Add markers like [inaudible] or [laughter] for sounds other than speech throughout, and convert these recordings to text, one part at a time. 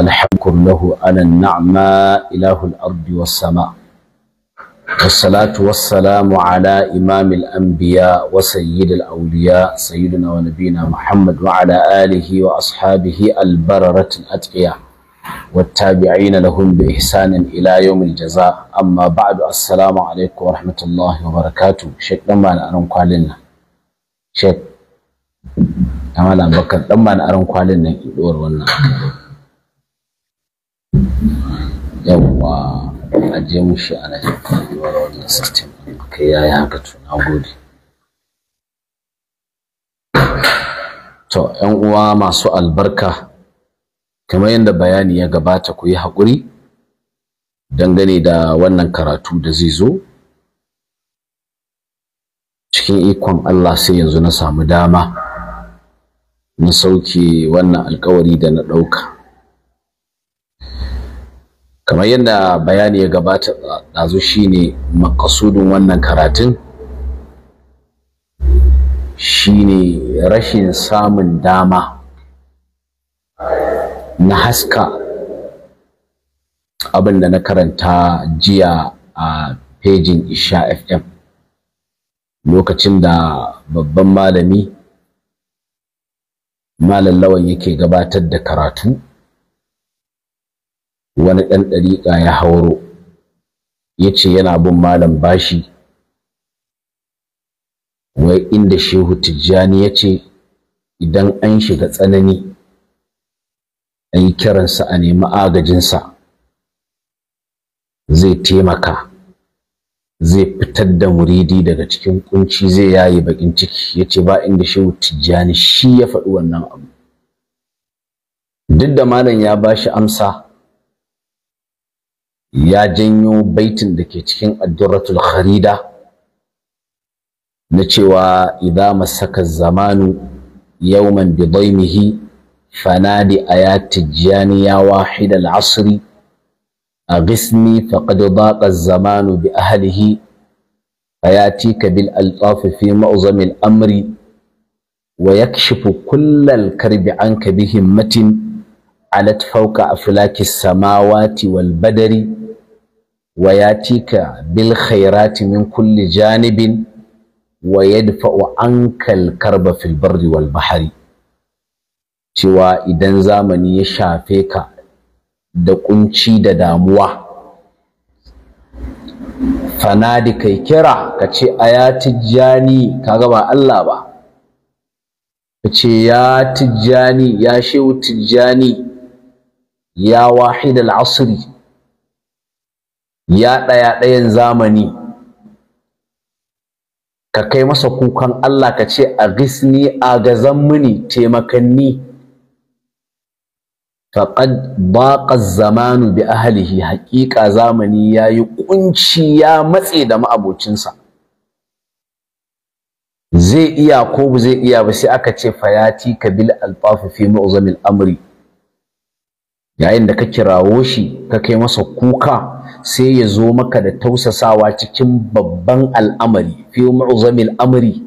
الحكم له على النعماء إله الأرض والسماء والصلاة والسلام على إمام الأنبياء وسيد الأولياء سيدنا ونبينا محمد وعلى آله وأصحابه البررة الأتقياء والتابعين لهم بإحسان إلى يوم الجزاء أما بعد السلام عليكم ورحمة الله وبركاته شيخ لما أنا قالنا شيخ أنا بكر لما أنا قالنا يدور والنا yawwa a je mushi ana yin kwanewar wannan system kai ya yi haka tuna gode to yan uwa masu albarka kamar yadda bayani ya gabata ku yi haƙuri dangane da wannan karatu da zai zo cikin ikon Allah sai yanzu na samu dama na sauke wannan alkawari da na ɗauka kamar yadda bayani ya gabata ɗazu shine makasudin wannan karatun shine rashin samun dama na haska abin da na karanta jiya a pejin isha fm lokacin da babban malami malam yake gabatar da karatu wani ɗan ɗariƙa ya hauro ya ce yana bin malam bashi wai inda shehu tijjani ya ce idan an shiga tsanani an yi kiransa a nemi agajinsa zai taimaka zai fitar da muridi daga cikin kunci zai yayi bakin ciki ya ce ba inda shehu tijjani shi ya faɗi wannan abu duk da malam ya ba shi amsa ya janyo baitin da ke cikin addurratul kharida na cewa idza masaka zamanu yawman bi dhaymihi fanadi ayati jani ya wahid al asri aghisni faqad daqa zamanu bi ahlihi fayatika bil altaf fi ma'zam al amri wa yakshifu kull al karbi anka bi himmatin alat fawqa aflaki as samawati wal badari wa yatika bil khairati min kulli janibin wa yadfa'u ankal karba fil barri wal bahari cewa idan zamani ya shafe ka da kunci da damuwa fanadi kai kira ka ce a ya tijjani kaga ba Allah ba ka ce ya tijjani ya shehu tijjani ya wahid al ya ɗaya ɗayan zamani ka kai masa kukan Allah ka ce a gisni a gazan mini taimakanni faqad baqa zamanu bi ahlihi haƙiƙa zamani ya yi ƙunci ya matse da ma'abocinsa zai iya ko ba zai iya ba sai aka ce fayati kabil alfafi fi mu'zamil amri yayin da ka kirawo shi ka kai masa kuka sai ya zo maka da tausasawa cikin babban al'amari fi mu'zamil amri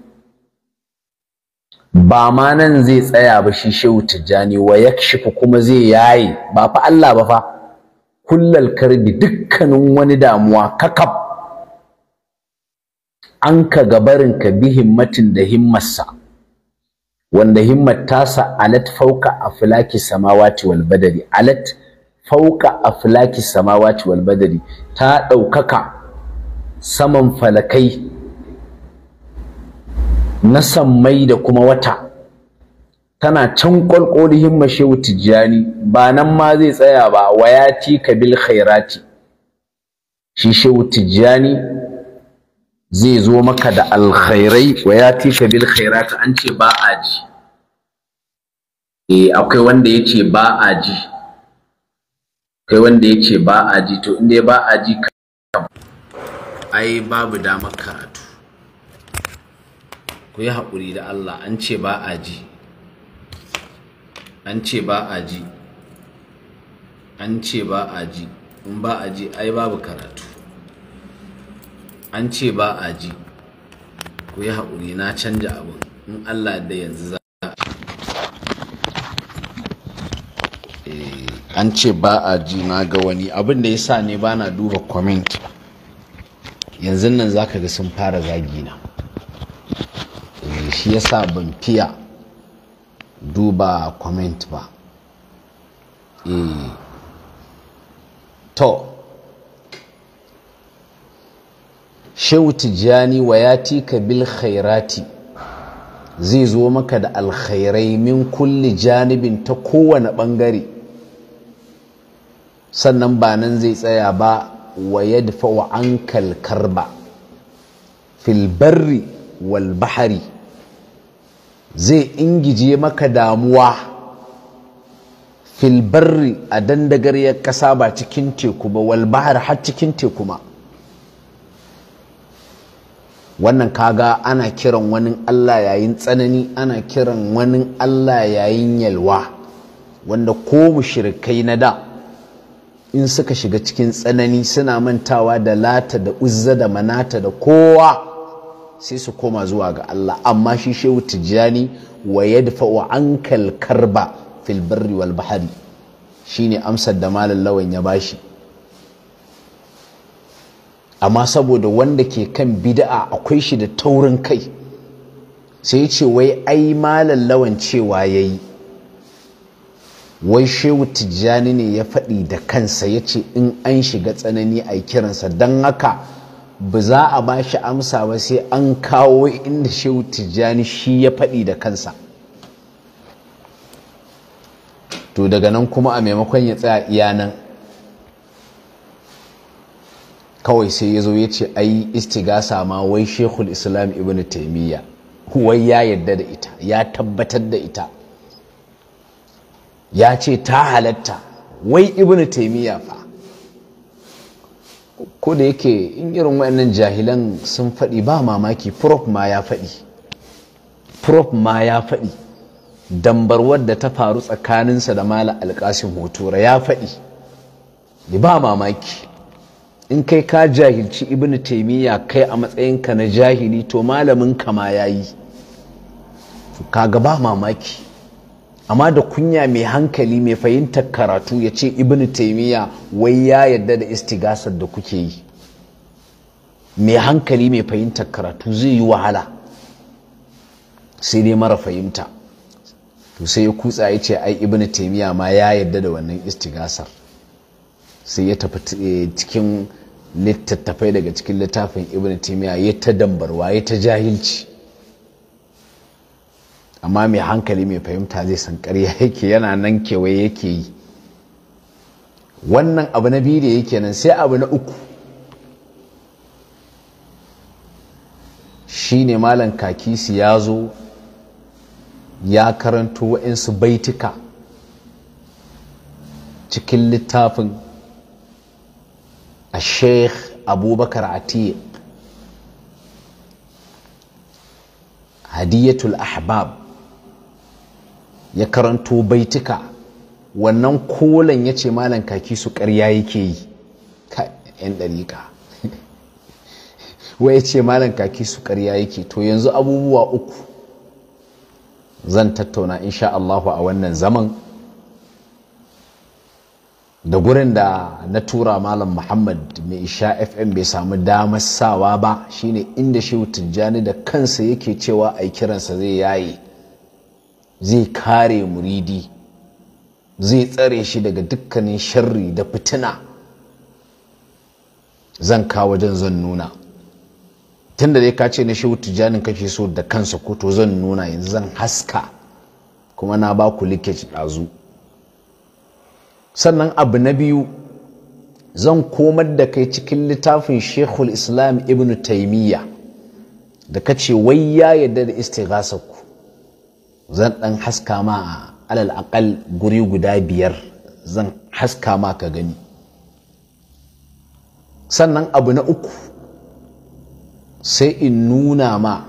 ba ma nan zai tsaya ba shi shehu tijjani wa yakshifu kuma zai yaye ba fa Allah ba fa kullal karbi dukkanin wani damuwa kakab an ka gabarin ka bi himmatin da himmarsa wanda himmat tasa alat fauka aflaki samawati wal badari alat fauka aflaki samawati wal badari ta ɗaukaka saman falakai na sammai da kuma wata tana can himma shehu tijjani ba nan ma zai tsaya ba wayati kabil khairati shi shehu tijjani zai zo maka da alkhairai wa ya tika bil khairata an ce ba a ji eh akwai wanda yace ba a ji kai wanda yace ba a ji to inda ba a ji ai babu damar karatu ku yi haƙuri da Allah an ce ba a ji an ce ba a ji an ce ba a ji in ba a ji ai babu karatu an ce ba a ji ku yi haƙuri na canja abin in allah da yanzu za a eh, an ce ba a ji na ga wani abin da ya sa ne ba na duba comment yanzu nan za ka ga sun fara zagi na eh, shi ya sa ban fiya duba comment ba eh, to Shauti jani wa ya tika bil khairati zai zo maka da alkhairai min kulle janibin ta kowane ɓangare sannan ba nan zai tsaya ba wa yadfa wa an kalkar ba Filbarri Walbahari zai ingije maka damuwa Filbarri a dandagar ya kasa ba cikin teku ba walbahar har cikin teku ma wannan kaga ana kiran wani Allah yayin tsanani ana kiran wani Allah yayin yalwa wanda ko mushrikai na da in suka shiga cikin tsanani suna mantawa da lata da uzza da manata da kowa sai su koma zuwa ga Allah amma shi shehu tijjani wa yadfa'u ankal karba fil barri wal bahari shine amsar da malam lawan ya bashi amma saboda wanda ke kan bidaa akwai shi da taurin kai sai ya ce wai ai malam lawan cewa ya yi wai shehu tijjani ne ya faɗi da kansa ya ce in an shiga tsanani a kiransa don haka ba za a ba shi amsa ba sai an kawo inda shehu tijjani shi ya faɗi da kansa to daga nan kuma a maimakon ya tsaya iya nan kawai sai ya zo ya ce ai istigasa ma wai shekul islam ibn taimiyya wai ya yadda da ita ya tabbatar da ita ya ce ta halatta wai ibn taimiyya fa ko da yake in irin waɗannan jahilan sun faɗi ba mamaki prof ma ya faɗi prof ma ya faɗi dambar wadda ta faru tsakaninsa da mala alƙasin hotura ya faɗi ba mamaki in kai ka jahilci Ibn taimiyya kai a matsayinka na jahili to malamin ma ya yi kaga ba mamaki amma da kunya mai hankali mai fahimtar karatu ya ce Ibn taimiyya wai ya yadda da istigasar da kuke yi mai hankali mai fahimtar karatu zai yi wahala sai dai mara fahimta to sai ya kutsa ya ce ai Ibn taimiyya ma ya yadda da wannan istigasar sai ya tafi eh, cikin littattafai daga cikin littafin ibn timiya ya ta dambarwa ya ta jahilci amma mai hankali mai fahimta zai san ƙarya [laughs] yake yana nan kewaye yake yi wannan abu na biyu da yake nan sai abu na uku Shi ne malam kakisi ya zo ya karanto wa'insu baitika cikin littafin a sheikh abubakar atiq hadiyatul ahbab ya karanto baituka wannan kolan ya ce malam kaki su karya yake yi ka 'yan ɗariƙa ya ce malam kaki su karya yake to yanzu abubuwa uku zan tattauna insha Allahu a wannan zaman da gurin da na tura malam muhammad mai isha fm bai samu damar sawa ba shine inda shehu tijjani da kansa yake cewa a kiransa zai yaye zai kare muridi zai tsare shi daga dukkanin sharri da fitina zan ka wajen zan nuna tunda dai ka ce na shehu tijjanin kake so da kansa ko to zan nuna yanzu zan haska kuma na ba ku likeci ɗazu sannan abu na biyu zan komar da kai cikin littafin shekul islam ibn taimiyya da ka ce wai ya yadda da ku. zan dan haska ma a alal akal guri guda biyar zan haska ma ka gani sannan abu na uku sai in nuna ma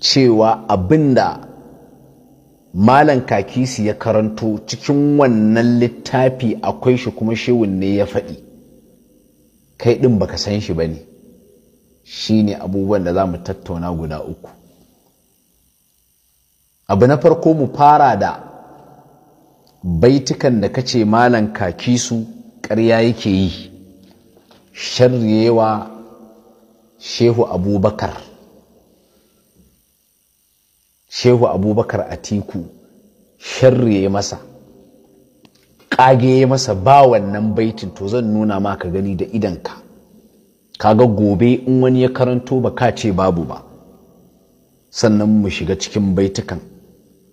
cewa abinda malam kakisi ya karanto cikin wannan littafi akwai shi kuma shewun ne ya faɗi kai ɗin baka san shi ba ne shi ne abubuwan da za mu tattauna guda uku abu na farko mu fara da baitukan da ka ce malam kakisu ƙarya yake yi sharriyewa shehu abubakar shehu abubakar atiku sharri ya masa ƙage ya masa ba wannan baitin to zan nuna maka gani da idanka kaga gobe in wani ya karanto ba ka ce babu ba sannan mu shiga cikin baitukan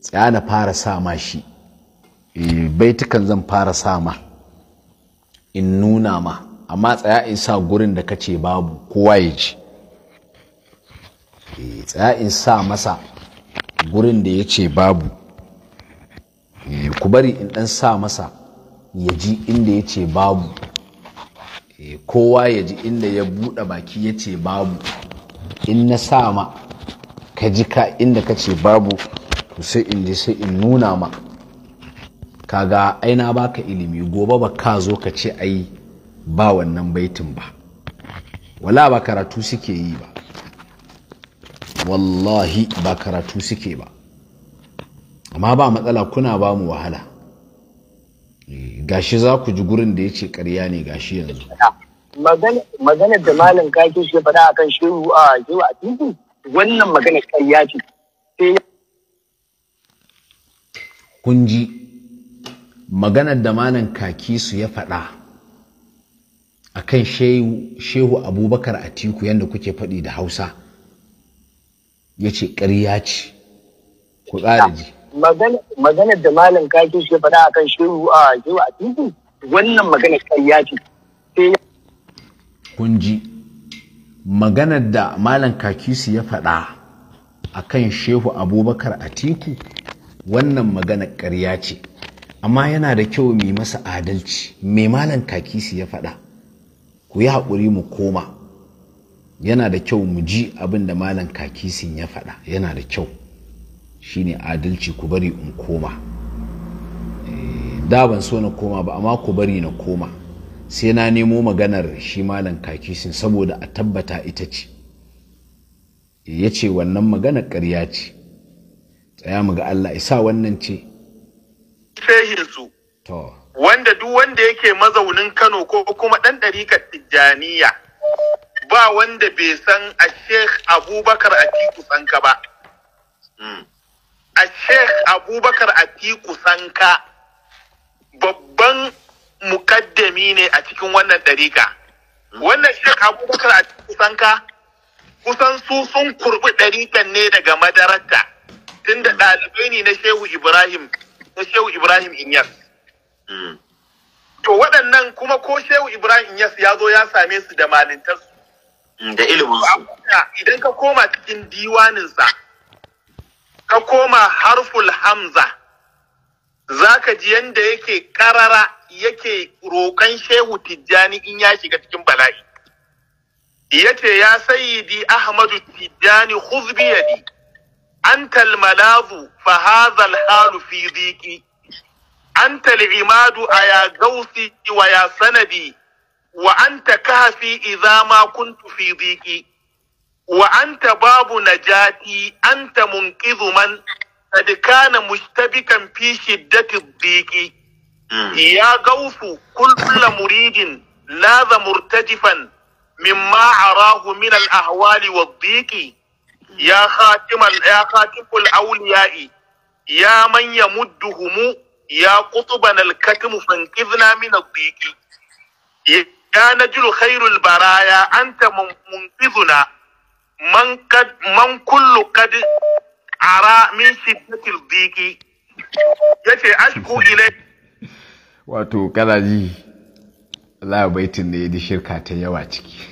tsaya na fara sa ma shi eh, baitukan zan fara sama. in nuna ma amma tsaya in sa gurin da ka ce babu kowa ya ji eh, tsaya in sa masa gurin da ya ce babu eh, ku bari in ɗan sa masa ya ji inda ya ce babu eh, kowa ya ji inda ya buɗe baki ya ce babu in na sa ma ka ji ka inda ka ce babu to sai in ji sai in nuna ma kaga aina ba baka ilimi gobe ba ka zo ka ce ai ba wannan baitin ba wala ba karatu suke yi ba wallahi ba karatu suke ba amma ba matsala kuna ba mu wahala eh, gashi za ku ji gurin da ya ce ƙarya ne gashi yanzu maganar da malam kake shi faɗa akan shehu a shehu a titi wannan maganar ƙarya ce kun ji maganar da malam kaki su ya faɗa akan shehu abubakar a atiku yadda kuke faɗi da hausa ya ce ƙarya ce ku ƙara ji maganar da malam kaki shi faɗa akan shehu a shehu a titi wannan maganar ƙarya ce kun ji maganar da malam Kakisi ya faɗa a kan shehu abubakar a atiku wannan maganar ƙarya ce amma yana da kyau mai masa adalci mai malam kakisi ya faɗa ku yi haƙuri mu koma yana da kyau mu ji abin da malam kakisin ya faɗa yana da kyau shi ne adalci ku bari in koma eh, da ban so na koma ba amma ku bari na koma sai na nemo maganar shi malam kakisin saboda a tabbata ita ce eh, ya ce wannan maganar ƙarya ce tsaya mu ga Allah isa wannan ce wanda duk wanda yake mazaunin Kano ko kuma ɗan ɗarikar Tijjaniya ba wanda bai san a sheikh abubakar atiku sanka ba hmm. a sheikh abubakar atiku sanka babban mukaddami ne a cikin wannan ɗarika hmm. wannan sheikh abubakar atiku sanka kusan su sun kurbi ɗarikan ne daga madararta tunda ɗalibai ne na shehu ibrahim na shehu ibrahim inyas hmm. to waɗannan kuma ko shehu ibrahim inyas ya zo ya same su da malintarsu da ilimin su idan ka koma cikin diwanin sa ka koma harful hamza zaka ji yanda yake karara yake roƙon shehu tijjani in ya shiga cikin bala'i yace ya sayyidi ahmadu tijjani huzbi yadi anta malazu fa hadha al fi dhiki anta imadu aya gausi wa ya sanadi wa anta kafi idza ma kuntu fi dhiki wa anta babu najati anta munqidhu man qad kana mushtabikan fi shiddati dhiki hmm. ya gausu kullu muridin laza murtajifan mimma arahu min al ahwali wa dhiki ya khatimal ya khatibul awliya'i ya man yamudduhum ya qutban al katim fankidna min al dhiki ya najul khairul baraya anta munqidhuna man kad man kullu kad ara min sibatil diki yace asku ile wato kana ji Allah baitin ne da shirka ta yawa ciki [laughs]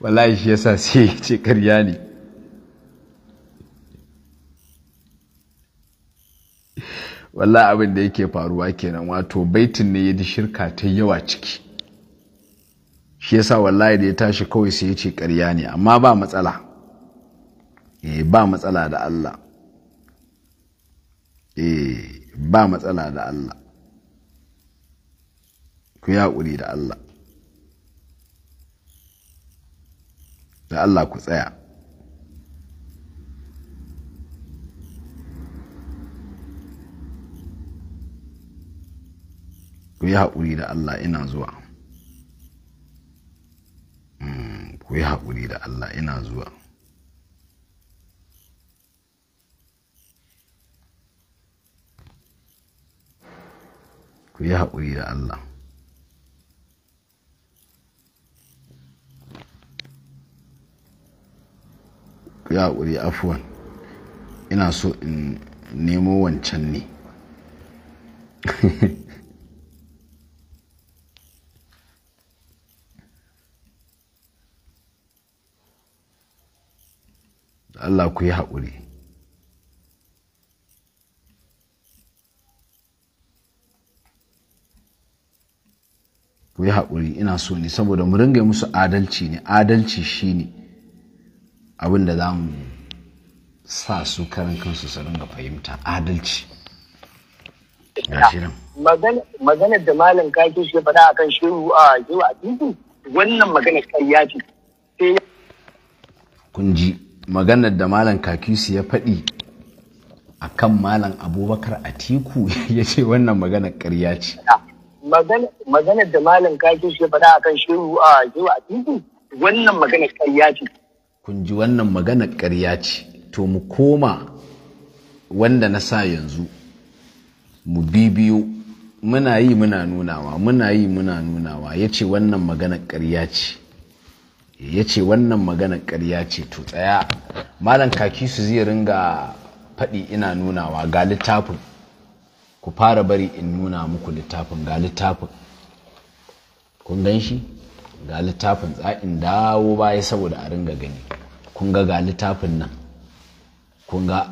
wallahi shi yasa sai ce karya ne wallah abin da yake faruwa kenan wato baitin ne ya ji shirka ta yawa ciki shi yasa wallahi da ya tashi kawai sai ya ce ƙarya ne amma ba matsala eh ba matsala da Allah eh ba matsala da Allah ku yi haƙuri da Allah da Allah ku tsaya ku yi haƙuri da Allah ina zuwa mm, ku yi haƙuri da Allah ina zuwa ku yi haƙuri da Allah ku yi haƙuri afuwan ina so in nemo wancan ne [laughs] Allah ku yi haƙuri ku yi haƙuri ina so ne saboda mu ringa musu adalci ne adalci shi ne abin da za mu sa su karin kansu su ringa fahimta adalci maganar da malam kaki shi faɗa akan shiru a shehu a titi wannan maganar ya ce sai kun ji maganar da malam kakisu ya faɗi a kan malam abubakar atiku [laughs] ya ce wannan maganar ƙarya ce maganar da malam kakisu ya faɗa a kan shehu a shehu atiku wannan maganar ƙarya ce kun ji wannan maganar ƙarya ce to mu koma wanda na sa yanzu mu bibiyo muna yi muna nunawa muna yi muna nunawa ya ce wannan maganar ƙarya ce ya ce wannan maganar karya ce to tsaya malam kaki su zai ringa faɗi ina nunawa ga littafin ku fara bari in nuna muku littafin ga littafin kun gan shi ga littafin tsa'in dawo baya saboda a ringa gani kun ga ga littafin nan kun ga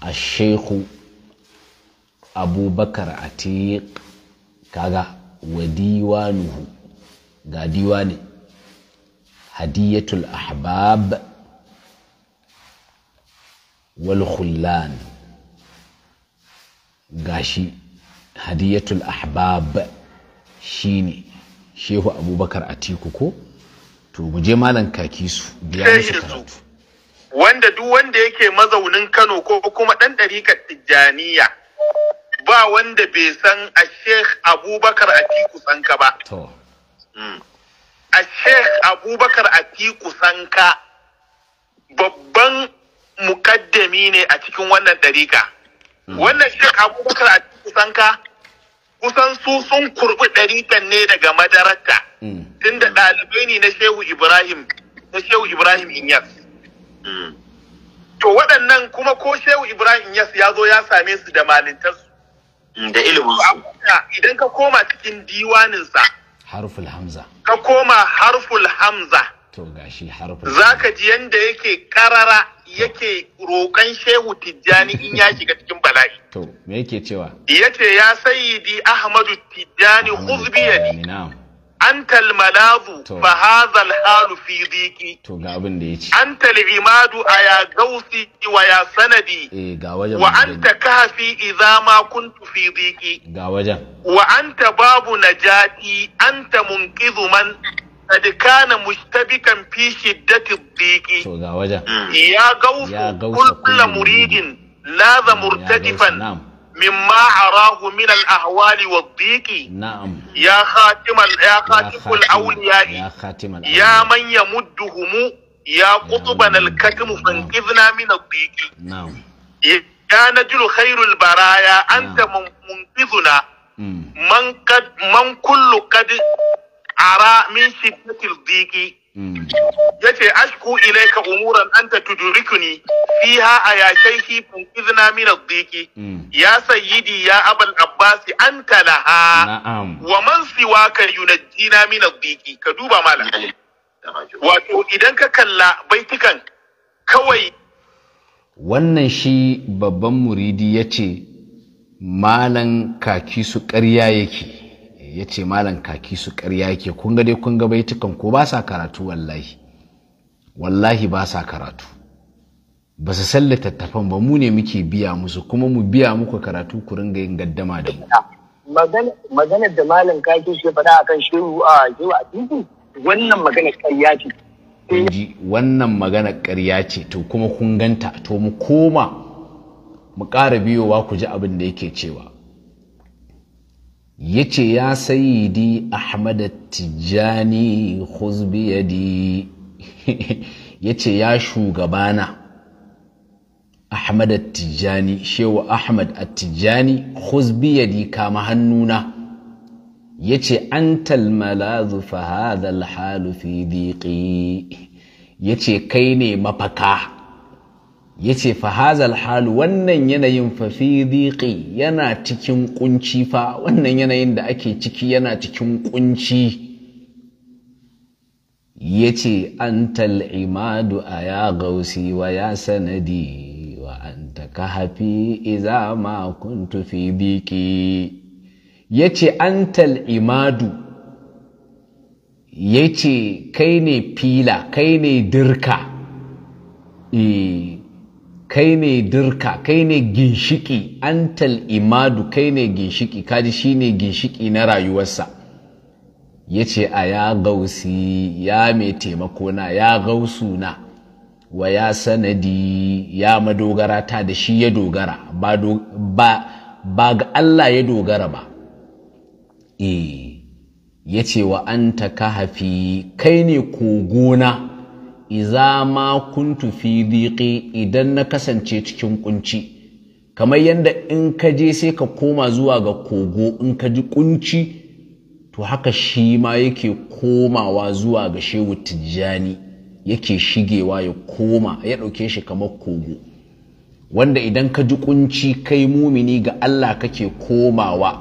a shehu abubakar a kaga wadiwa nuhu ga ne. hadiyatul ahbab wal khullan gashi hadiyatul ahbab shine shehu abubakar atiku ko to mu je malam kaki su biya su karatu wanda duk wanda yake mazaunin Kano ko kuma dan ɗarikar Tijjaniya ba wanda bai san a Sheikh Abubakar Atiku sanka ba to mm. a sheikh abubakar atiku sanka babban mukaddami ne a cikin wannan dariƙa. wannan sheikh abubakar atiku sanka kusan su sun kurbi ɗarikan ne daga madarata tunda ɗalibai ne na shehu ibrahim na shehu ibrahim inyas to waɗannan kuma ko shehu ibrahim inyas ya zo ya same su da malintarsu da ilimin idan ka koma cikin diwaninsa harful hamza ka koma harful hamza to gashi harful Za ka ji yanda yake karara yake roƙon shehu tijjani in ya shiga cikin bala'i to me yake cewa ce ya sayyidi ahmadu tijjani khuzbiyadi na'am Antal malabu ba hazal halu fi da ya Antal imadu a gausi wa sanadi. Eh ga wajen. Wa an ta kafi iza ma kun tu fi ziki. Ga babu na jati an ta mun kizu man sadika na musta bikan fi shiddati ziki. Ya gausu kulkula muridin la zamurta jifan. min ma a rahu min al’ahwali wa biki ya khatimar ya khatimar auliyayi ya manya muddu ya kutu ba nalkatimu ban kizna min al’biki ya na jiru hairu baraya an ta munfi zuna man kullu kadi a ra min shi kutu biki yace ashku ilayka umuran anta tudrikuni fiha fun izna min adiki mm. ya sayyidi ya abal abbas anta laha wa man siwaka yunajjina min adiki ka duba mala wato idan ka kalla baitukan kawai wannan shi babban muridi yace malan kaki su ƙarya yake ya ce malam kaki su karya yake kun ga dai kun ga baitukan ko ba sa karatu wallahi wallahi ba sa karatu ba su san littattafan ba mu ne muke biya musu kuma mu biya muku karatu ku ringa yin gaddama da mu maganar da malam kaki shi faɗa akan shehu a shehu a wannan maganar karya ce wannan maganar ƙarya ce to kuma kun ganta to mu koma mu ƙara biyowa ku ji abin da yake cewa ya ce ya sayidi ahmad tijjani khuzbiyadi [laughs] ya ce ya shugabana ahmad tijjani shewa ahmad tijjani khuzbiyadi kama hannuna ya ce an talmala zufa hadha alhalu fi diqi ya ce kai ne mafaka ya ce fahazal halu wannan yanayin fafi diƙi yana cikin ƙunci fa wannan yanayin da ake ciki yana cikin ƙunci ya ce an tal'imadu a ya gausi wa ya sanadi wa an hafi iza ma kuntu fi diƙi ya ce an tal'imadu ya ce kai ne fila kai ne dirka e, kai ne dirka kai ne ginshiki antal imadu kai ne ginshiki kaji shi ne ginshiki na rayuwarsa ya ce a ya gausi ya mai taimakona ya gausu na wa ya sanadi ya madogara ta da shi ya dogara ba ga Allah ya dogara ba e ya ce wa an ta kahafi kai ne kogona iza ma kuntu fi diqi idan na kasance cikin kunci kamar yadda in ka je sai ka koma zuwa ga kogo in ka ji kunci to haka shi ma yake komawa zuwa ga shehu tijjani yake shigewa ya koma ya ɗauke shi kamar kogo wanda idan ka ji kunci kai mumini ga Allah kake komawa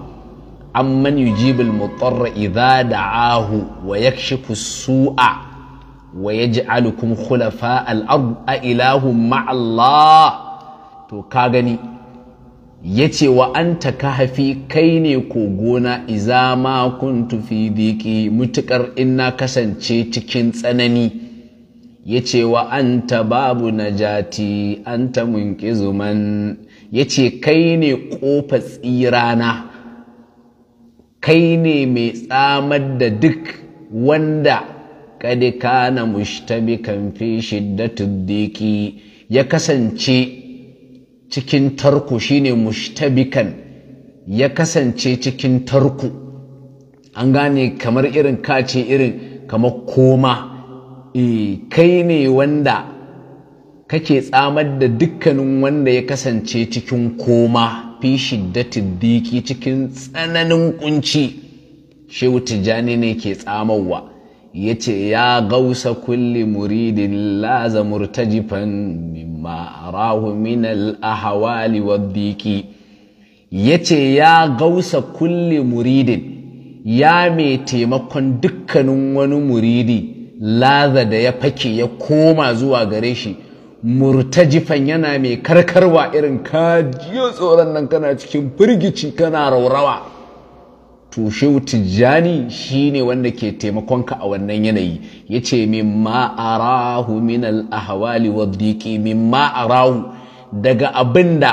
amman yujibul mutarra idza da'ahu wa yakshifu su'a wa yaj'alukum khulafa al a ilahu ma'allah to ka gani yace wa anta kahfi kai ne kogona iza ma kuntu fi diki mutukar in na kasance cikin tsanani yace wa anta babu najati anta munqizu man yace kai ne kofa tsirana kai ne mai tsamar da duk wanda na كان kan في شدة diki. ya kasance cikin tarku shine kan. ya kasance cikin tarku an gane kamar irin kace irin kamar koma e kai ne wanda kake tsamar da dukkanin wanda ya kasance cikin koma fi shiddatin diki cikin tsananin kunci shehu tijjani ne ke tsamarwa ya ce ya gausa kulli muridin laza murtajifan mimma arahu min al ya ce ya gausa kulli muridin ya mai taimakon dukkanin wani muridi laza da ya fake ya koma zuwa gare shi murtajifan yana mai karkarwa irin kajiyo tsoron nan kana cikin firgici kana raurawa to shehu tijjani shine wanda ke taimakon ka a wannan yanayi yace mimma arahu min al ahwali wa dhiqi mimma arahu daga abinda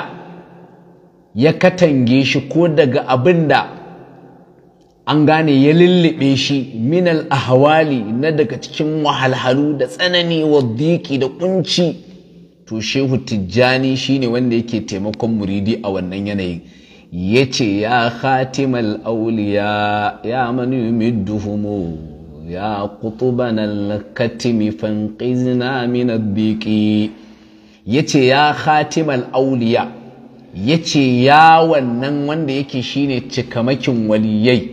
ya katange shi ko daga abinda an gane ya lullube shi min al ahwali na daga cikin wahalhalu da tsanani wa da kunci to shehu tijjani shine wanda yake taimakon muridi a wannan yanayin ya ce ya khatimal auliya ya manu midduhumu ya kutuban alkatimi fanqizna min addiki ya ce ya khatimal auliya ya ce ya wannan wanda yake shi ne cikamakin waliyai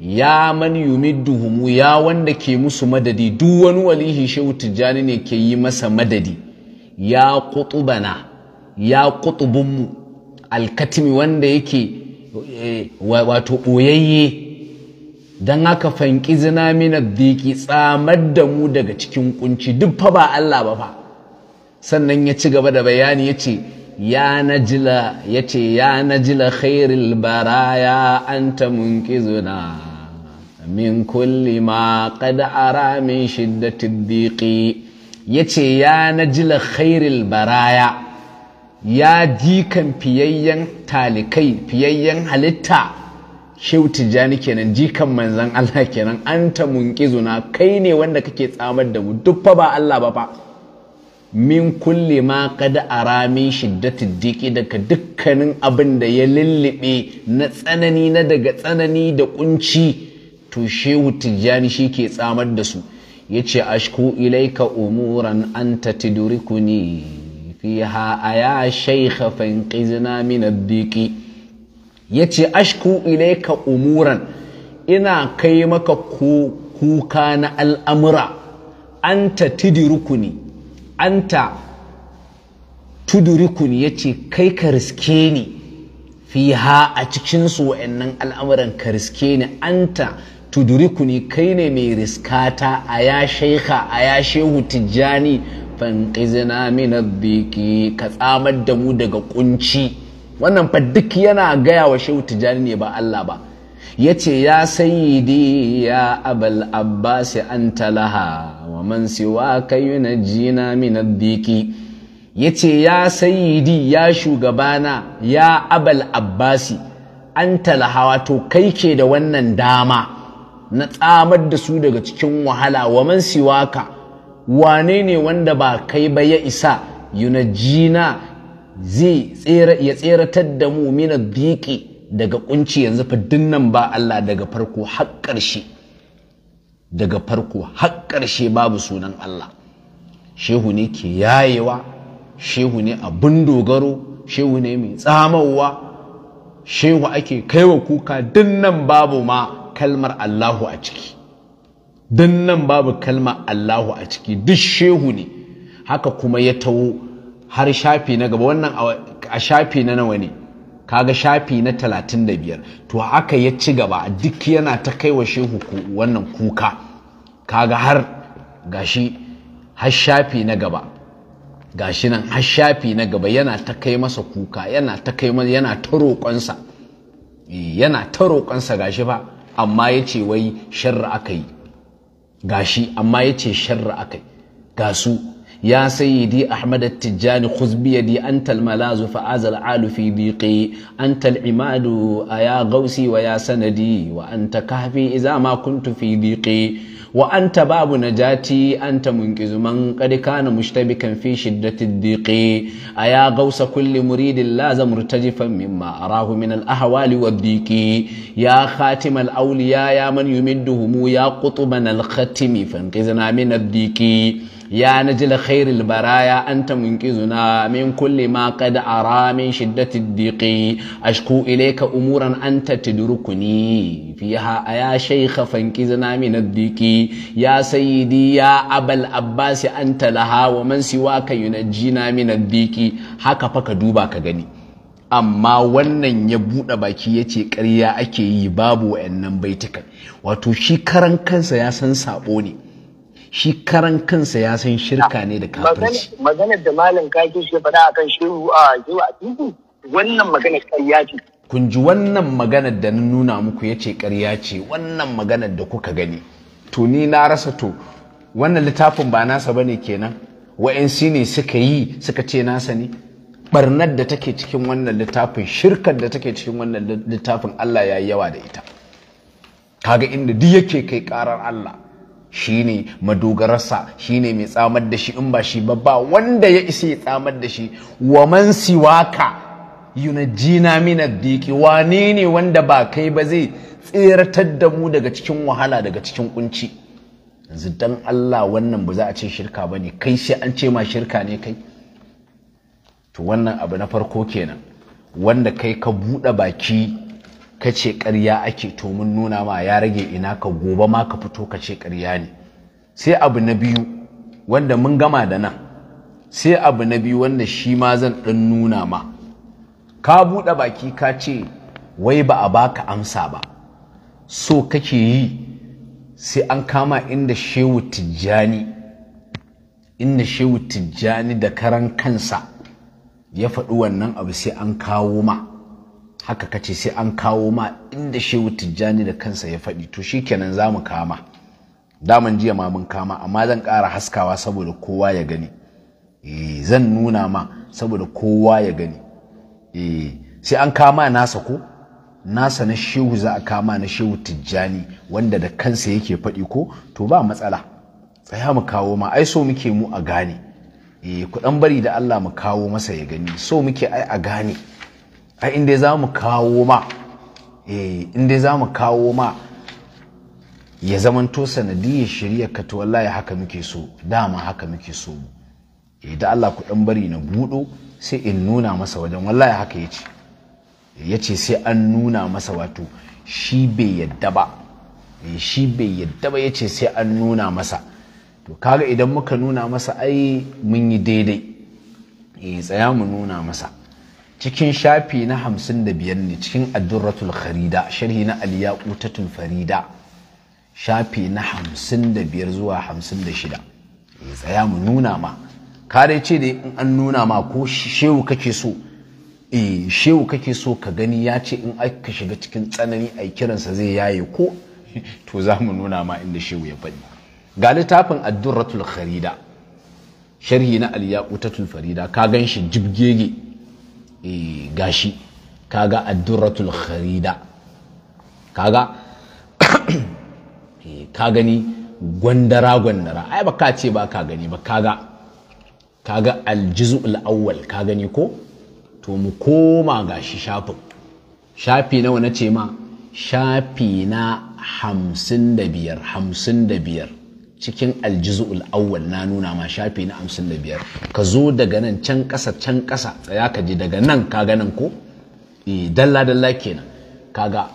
ya man yumidduhumu ya wanda ke musu madadi duk wani walihi shehu tijjani ne ke yi masa madadi ya kutubana ya kutubunmu alkatimi wanda yake eh, wato ɓoyayye don haka fanki zina mina diki tsamar da mu daga cikin kunci duk fa ba Allah ba fa sannan ya ci gaba da bayani ya ce ya najila ya ce ya najila khairul baraya anta munqizuna min kulli ma qad ara min shiddati ya ce ya najila khairul baraya ya jikan fiyayyen talikai fiyayyen halitta shehu tijjani kenan jikan manzan Allah kenan an ta na? kai ne wanda kake tsamar da mu duk fa ba Allah ba fa min kulle ma kada a rami diki daga dukkanin abin da ya lullube na tsanani na daga tsanani da kunci to shehu tijjani shi ke tsamar da su Ya yace ashku ilaika umuran anta tidurikuni fiha aya shaykha fanqizna min ad-diqi yace ashku ilayka umuran ina kai maka kuka na al'amura anta tudrikuni anta tudrikuni yace kai ka riske ni fiha a cikin su wa'annan al'amuran ka riske ni anta tudrikuni kai ne mai riskata aya shaykha aya shehu tijjani fanqizna ka tsamar da mu daga ƙunci wannan fa duk yana gaya wa shehu tijani ne ba Allah ba Ya ce ya sayyidi ya abal abbas anta laha wa man siwaka yunajjina min adh-dhiqi yace ya sayyidi ya shugabana ya abal abbasi anta laha wato kai ke da wannan dama na tsamar da su daga cikin wahala wa man ka. wane ne wanda ba kai ba ya isa yunajina zai ya tseratar da mu mina diki daga kunci yanzu fa dinnan ba Allah daga farko har ƙarshe daga farko har ƙarshe babu sunan Allah shehu ne ke yayewa shehu ne abin dogaro shehu ne mai tsamawa shehu ake kaiwa kuka dinnan babu ma kalmar Allahu a ciki don nan babu kalma Allahu a ciki duk shehu ne haka kuma ya tawo har shafi na gaba wannan a shafi na nawa ne kaga shafi na 35 to haka ya ci gaba duk yana ta kai wa shehu wannan kuka kaga har gashi har shafi na gaba gashi nan har shafi na gaba yana ta kai masa kuka yana ta kai masa yana ta roƙonsa eh, yana ta roƙonsa gashi fa amma ya ce wai sharri aka yi gashi amma yace sharra akai gasu ya sayyidi ahmad at-tijjani khuz bi yadi anta malazu fa azal alu fi diqi Antal imadu gausi wa ya sanadi wa anta kahfi Iza ma kuntu fi diqi وأنت باب نجاتي أنت منقذ من قد كان مشتبكا في شدة الضيق أيا غوص كل مريد لاز مرتجفا مما أراه من الأهوال والضيق يا خاتم الأولياء يا من يمدهم يا قطبنا الختم فانقذنا من الضيق ya najil khairil baraya anta munqizuna min kulli ma qad ara min shiddati diqi ashku ilayka umuran anta ha fiha ya shaykha fanqizna min ad ya sayyidi ya abal abbas anta laha wa man siwaka yunajjina min ad haka fa ka duba ka gani amma wannan ya buɗe baki ya ce ƙarya ake yi babu wa'annan baitukan wato shi karan kansa ya san saɓo ne shi karan kansa ya san shirka ne da ah, kafirci maganar da malam kaki shi faɗa akan shehu a shehu a titi wannan maganar ƙarya ce kun ji wannan maganar da na nuna muku ya ce ƙarya ce wannan maganar da kuka gani to ni na rasa to wannan littafin ba nasa bane kenan wa'ansu ne suka yi suka ce nasa ne barnar da take cikin wannan littafin shirkar da take cikin wannan littafin Allah ya yi yawa da ita kaga inda duk yake kai karar Allah Shi shine madogararsa ne mai tsamar da shi in ba shi ba wanda ya isa ya tsamar da shi wa man siwaka yunajjina min ad wane ne wanda ba kai ba zai tseratar da mu daga cikin wahala daga cikin kunci yanzu dan Allah wannan ba za a ce shirka bane kai sai an ce ma shirka ne kai to wannan abu na farko kenan wanda kai ka buɗe baki kace ce ƙarya ake to mun nuna ma ya rage ina ka gobe ma ka fito kace ce ƙarya ne sai abu na biyu wanda mun gama da nan sai abu na biyu wanda shi ma zan ɗan nuna ma ka buɗe baki ka ce wai ba a baka amsa ba so kake yi sai an kama inda shehu tijjani inda shehu tijjani da karan kansa ya faɗi wannan abu sai an kawo ma haka kace sai an kawo ma inda shehu tijjani da kansa ya faɗi to shikenan za mu kama daman jiya ma mun kama amma zan kara haskawa saboda kowa ya gani eh, zan nuna ma saboda kowa ya gani eh, sai an kama nasa ko nasa na shehu za a kama na shehu tijjani wanda da kansa yake faɗi ko to ba matsala tsaya mu kawo ma ai so muke mu a gane eh ku dan bari da Allah mu kawo masa ya gani so muke ai a gane ai inda za mu kawo ma eh, inda za mu kawo ma ya zamanto sanadiyar shirya ka to wallahi haka muke so dama haka muke so idan eh, da Allah ku dan bari na budo sai in nuna masa wajen wallahi haka yace yace sai an nuna masa wato shi bai yadda ba eh, shi bai yadda ba yace sai an nuna masa to kaga idan muka nuna masa ai mun yi daidai eh tsaya mu nuna masa cikin shafi na hamsin da biyar ne cikin addurratul kharida sharhi na Aliya aliyaqutatul farida shafi na hamsin da biyar zuwa hamsin da shida Ya tsaya mu nuna ma kare ce da in an nuna ma ko shehu kake so e shehu kake so ka gani ya ce in aka shiga cikin tsanani a kiransa zai yaye ko [laughs] to za mu nuna ma inda shehu ya faɗi ga littafin addurratul kharida sharhi na aliyaqutatul farida ka gan shi jibgege E, gashi kaga addurratul kharida kaga [coughs] e, ka gani gwandara gwandara ai ba ka ce ba ka gani ba kaga kaga aljuz'ul awwal ka gani ko to mu koma gashi shafi shafi nawa na ce ma shafi na hamsin da biyar cikin aljizu'ul awwal na nuna ma shafi na hamsin da biyar ka zo daga nan can ƙasa can ƙasa tsaya ka ji daga nan ka ganin ko eh, dalla dalla kenan kaga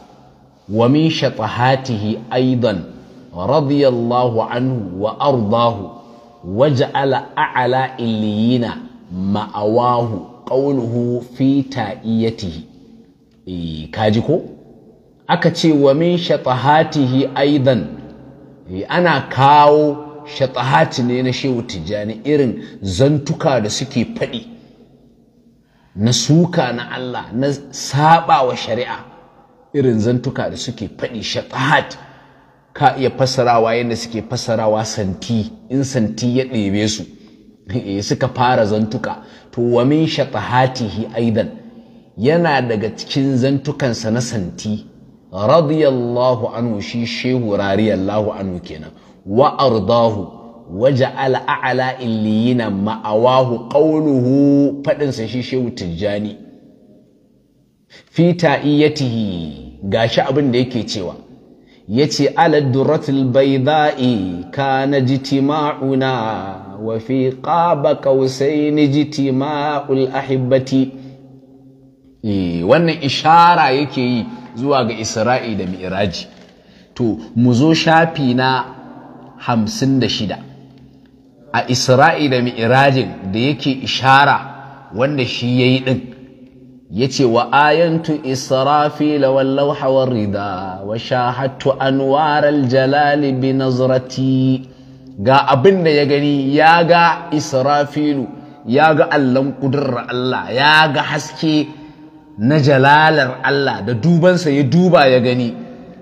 wa min shatahatihi aidan radiyallahu anhu wa ardahu ja'ala a'la illiyina ma'awahu qawluhu fi ta'iyatihi eh, kaji ko aka ce wa min shatahatihi aidan ana kawo shatahati ne na shehu tijjani irin zantuka da suke faɗi na suka na Allah na saba wa shari'a irin zantuka da suke faɗi shatahat ka iya fasarawa yadda suke fasarawa santi in santi ya ɗebe su e suka fara zantuka to wa min shatahatihi aidan yana daga cikin zantukansa na santi radiyallahu anhu shi shehu radiyallahu anhu kenan wa ardahu wa ja'ala a'la illiyina ma'awahu qawluhu fadin sa shi shehu tijjani fi ta'iyatihi gashi abin da yake cewa yace ala durratil bayda'i kana jitima'una wa fi qaba qausain jitima'ul ahibbati eh, wannan ishara yake yi zuwa ga isra'i da mi'raji to mu zo shafi na hamsin da shida a isra'i da mi'rajin da yake ishara wanda shi ya yi ɗin ya ce wa ayantu israfi lawan lauhawar rida wa shahattu anwarar jalali bi nazarati ga abin da ya gani ya ga israfilu ya ga allon ƙudurra Allah ya ga haske na jalalar Allah da dubansa ya duba ya gani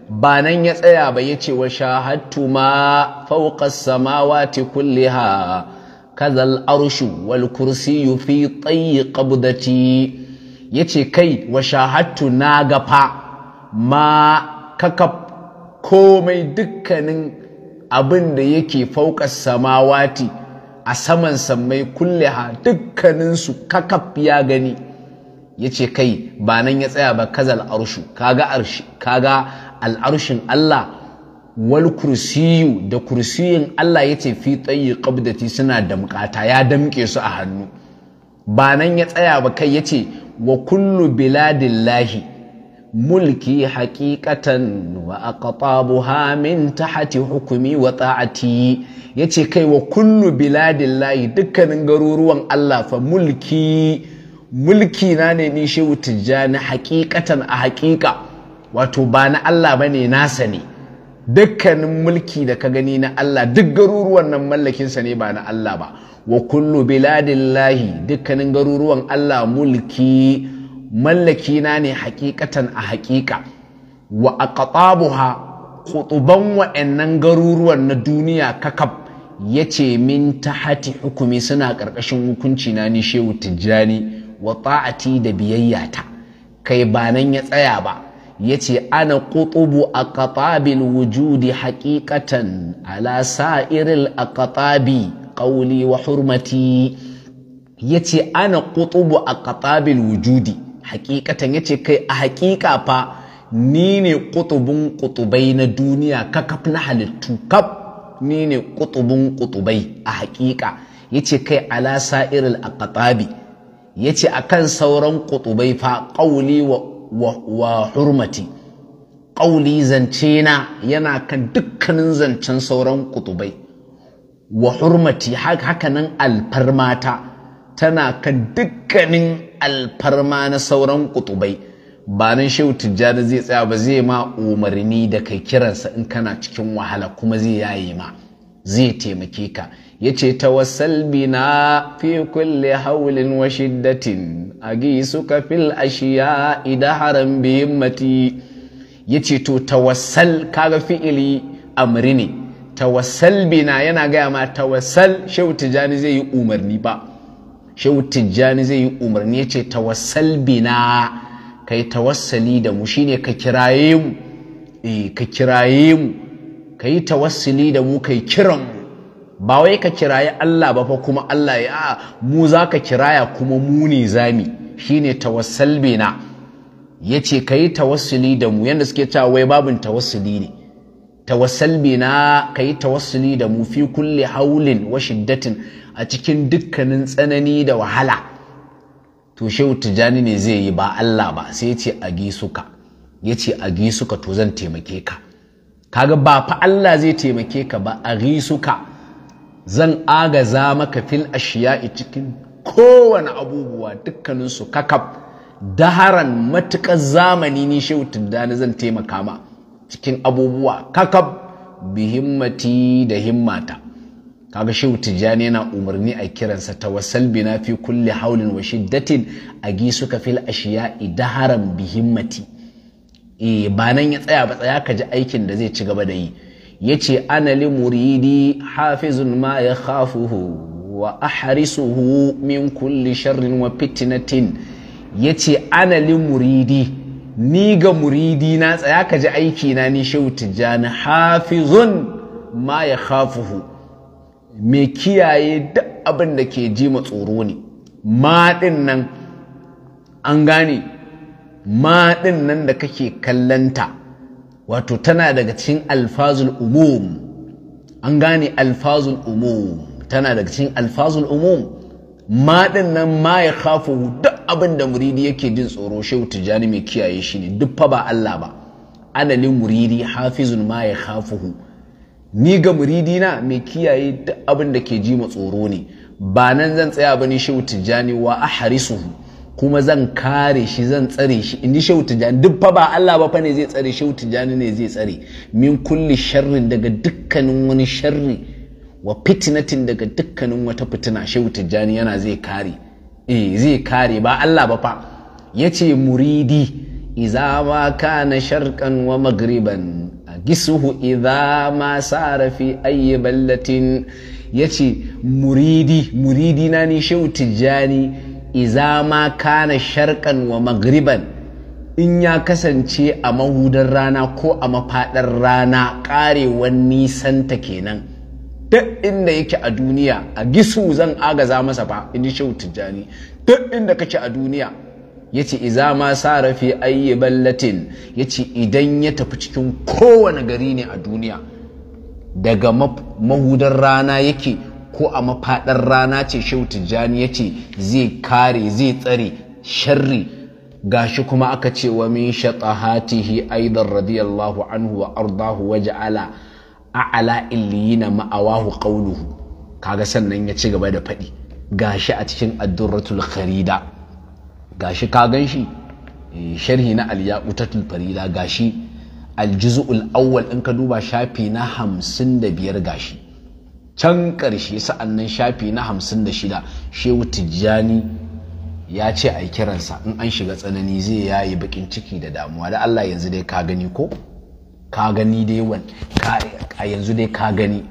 ba nan ya tsaya ba ya ce wa shahattu ma fauqas samawati kulliha kazal arshu wal kursiyyu fi tayyi qabdati yace kai wa shahattu na gafa ma kaka komai dukkanin abin da yake fauqas samawati a saman sammai kulliha dukkaninsu kakaf ya gani ya ce kai ba nan ya tsaya ba kaza arshu kaga al'arshin Allah wal kursiyu da kursiyin Allah ya ce fi tsayi qabdati suna damƙata ya damƙe su a hannu ba nan ya tsaya ba kai ya ce wa kullu biladillahi mulki haƙiƙatan wa aqtabuha min hati hukumi wa ta'ati ce kai wa kullu biladillahi dukkanin garuruwan Allah fa mulki mulki na ne ni shehu na hakikatan a hakika wato ba na Allah ba ne nasa ne dukkanin mulki da ka gani na Allah duk garuruwan nan mallakinsa ne ba na Allah ba wa kullu biladillahi dukkanin garuruwan Allah mulki mallaki na ne hakikatan a hakika wa aqtabuha khutuban nan garuruwan na duniya kakab yace min tahati hukumi suna ƙarƙashin hukunci na ni shehu tijjani wa ta'ati da ta kai ba nan ya tsaya ba yace ana a aqtabil wujudi haqiqatan ala sa'iril aqtabi qawli wa hurmati yace ana a aqtabil wujudi ya yace kai a hakika fa ni ne qutubun kutubai na duniya kakaf na halittu kaf ni ne qutubun kutubai a Ya yace kai ala sa'iril aqtabi ya ce a kan sauran ƙutubai fa ƙauli wa hurmati ƙauli zance na yana kan dukkanin zancen sauran ƙutubai wa hurmati hakanan alfarmata tana kan dukkanin alfarma na sauran ƙutubai ba nan shehu tijjani zai tsaya ba zai ma umarni da kai kiransa in kana cikin wahala kuma zai yaye ma zai taimake ka yace tawassal bina fi kulle haulin wa shiddatin agisuka fil ashiya biyun bi himmati yace to tawassal kaga fi'ili amri ne tawassal bina yana gaya ma tawassal shehu Jani zai yi umarni ba shehu Jani zai yi umarni ya ce tawassal bina ka yi tawassali da mu shine ka kiraye mu eh, ka kiraye mu ka yi tawassali da mu ka yi kiran mu ba wai ka kirayi Allah ba fa kuma Allah ya a mu za ka kiraya kuma mu ne zami shine tawassal bina yace kai tawassuli da mu yanda suke cewa wai babin tawassuli ne tawassal bina kai tawassuli da mu fi kulli haulin wa shiddatin a cikin dukkanin tsanani da wahala to shehu tijani ne zai yi ba Allah ba sai yace a gisuka yace a gisuka to zan taimake ka kaga ba fa Allah zai taimake ka ba a gisuka zan agaza maka fil ashiya'i cikin kowane abubuwa dukkaninsu kakaf daharan matuƙar zamani ni shehu tuddani zan taimaka ma cikin abubuwa kakaf bi himmati da himmata kaga shehu tijjani yana umarni a kiransa tawassal bina fi kulli haulin wa shiddatin gi suka fil ashiya'i daharan bi himmati eh ba nan ya tsaya ba tsaya ka ji aikin da zai ci gaba da yi yace ana li muridi hafizun ma ya khafuhu wa ahrisuhu min kulli sharrin wa fitnatin yace ana li muridi ni ga muridi na tsaya ka ji aiki na ni shehu jani hafizun ma ya khafuhu me kiyaye duk abin da ke ji tsoro ne ma din nan an gane ma din nan da kake kallanta wato tana daga cikin alfazul umum an gane alfazul umum tana daga cikin alfazul umum ma din nan ma ya khafu duk abin da muridi yake jin tsoro shehu tijani mai kiyaye shi ne duk fa ba Allah ba adalin muridi hafizun ma ya khafuhu ni ga muridi na mai kiyaye duk abin da ke ji ma tsoro ne ba nan zan tsaya bane shehu tijani wa ahrisuhu kuma zan kare shi zan tsare shi in ji shehu tijjani duk fa ba Allah ba fa ne zai tsare shehu tijjani ne zai tsare min kulli sharrin daga dukkanin wani sharri wa fitinatin daga dukkanin wata fitina shehu tijjani yana zai kare eh zai kare ba Allah ba fa yace muridi idza ma kana sharqan wa magriban gisuhu idza ma sara fi ayyi ballatin yace muridi muridi na ni shehu tijjani iza ma kana sharkan wa magriban in ya kasance a mahudar rana ko a mafaɗar rana nisan nisanta kenan duk inda yake a duniya a gisu zan agaza masa ba, in shehu tijjani duk inda kake a duniya ya ce iza ma sa rafi ballatin ya ce idan ya tafi cikin kowane gari ne a duniya daga mahudar rana yake ko a mafaɗar rana ce shehu tijjani ya ce zai kare zai tsare sharri gashi kuma aka ce wa min shatahatihi aidan radiyallahu anhu wa ardahu wa ja'ala a'ala illiyina ma'awahu qawluhu kaga sannan ya ci gaba da faɗi gashi a cikin addurratul kharida gashi ka gan shi eh, sharhi na alyaqutatul farida gashi aljuz'ul awwal in ka duba shafi na hamsin 55 gashi can ƙarshe sa'annan shafi na hamsin da shida shehu tijjani ya ce a kiransa in an shiga tsanani zai yayi bakin ciki da damuwa da Allah yanzu dai ka gani ko ka gani dai wan a yanzu dai ka gani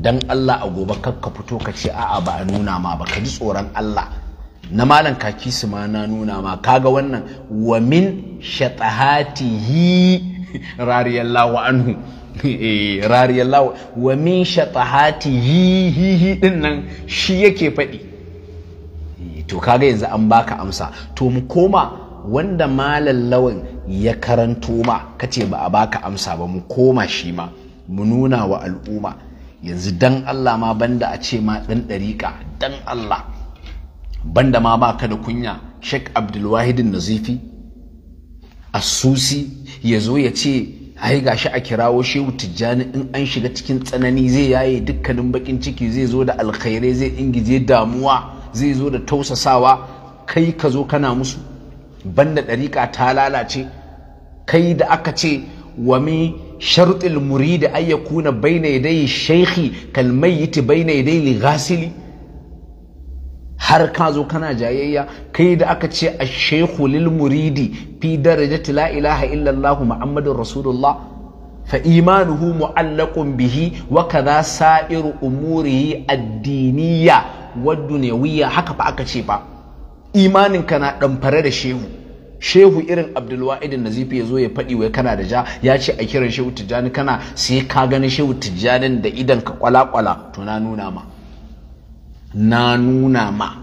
dan Allah a gobe kakka fito ka ce a'a ba a nuna ma ba ka ji tsoron Allah na malam kaki su ma na nuna ma kaga wannan wa min shatahatihi [laughs] radiyallahu anhu Eh, lawa wa min shatahati hi hi hi din nan shi yake faɗi eh, to kaga yanzu an baka amsa to mu koma wanda malam lawan ya karanto ma kace ba a baka amsa ba mu koma shi ma mu nuna wa al'umma yanzu dan Allah ma banda a ce ma dan dariƙa dan Allah banda ma baka da kunya Sheikh Abdulwahid Nazifi Asusi ya zo ya ce ai gashi a kirawo shehu tijjani in an shiga cikin tsanani zai yaye dukkanin bakin ciki zai zo da alkhairai zai ingije damuwa zai zo da tausasawa kai ka zo kana musu banda dariƙa ta lalace kai da aka ce wa min na muridi ay bai na yadayi shaykhi kal bai na yadayi ghasili har ka zo kana jayayya kai da aka ce a shekhu lil muridi fi darajati la ilaha illallahu muhammadun rasulullah fa imanuhu mu'allaqun bihi wa kadha sa'iru umurihi addiniya wa dunyawiyya haka fa aka ce ba? imanin ka na ɗanfare da shehu shehu irin abdulwa'id nazifi ya zo ya faɗi wai kana da ja ya ce a kiran shehu tijjani kana sai ka gani shehu tijjanin da idan ka kwala-kwala to na nuna ma na nuna ma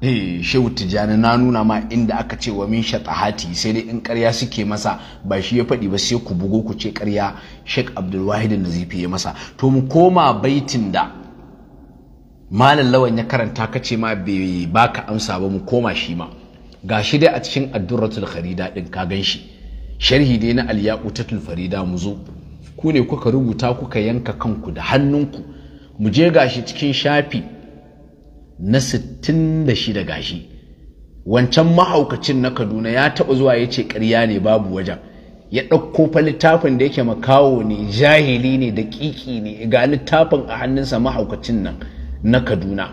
eh, shehu tijjani na nuna ma inda aka ce wa min shatahati sai dai in karya suke masa ba shi ya faɗi ba sai ku bugo ku ce karya abdul wahid nazifi ya masa to mu koma baitin da malam lawan ya karanta ka ce ma bai baka amsa ba mu koma shi ma ga shi dai a cikin addurratul kharida din ka gan shi sharhi dai na alyaqutatul farida mu zo ku ne kuka rubuta kuka yanka kanku da hannunku mu je gashi cikin shafi na 66 gashi wancan mahaukacin na kaduna ya taɓa zuwa ya ce ƙarya ne babu wajen ya ɗauko fa littafin da yake makawo ne jahili ne daƙiƙi ƙiƙi ne ga littafin a hannunsa mahaukacin nan na kaduna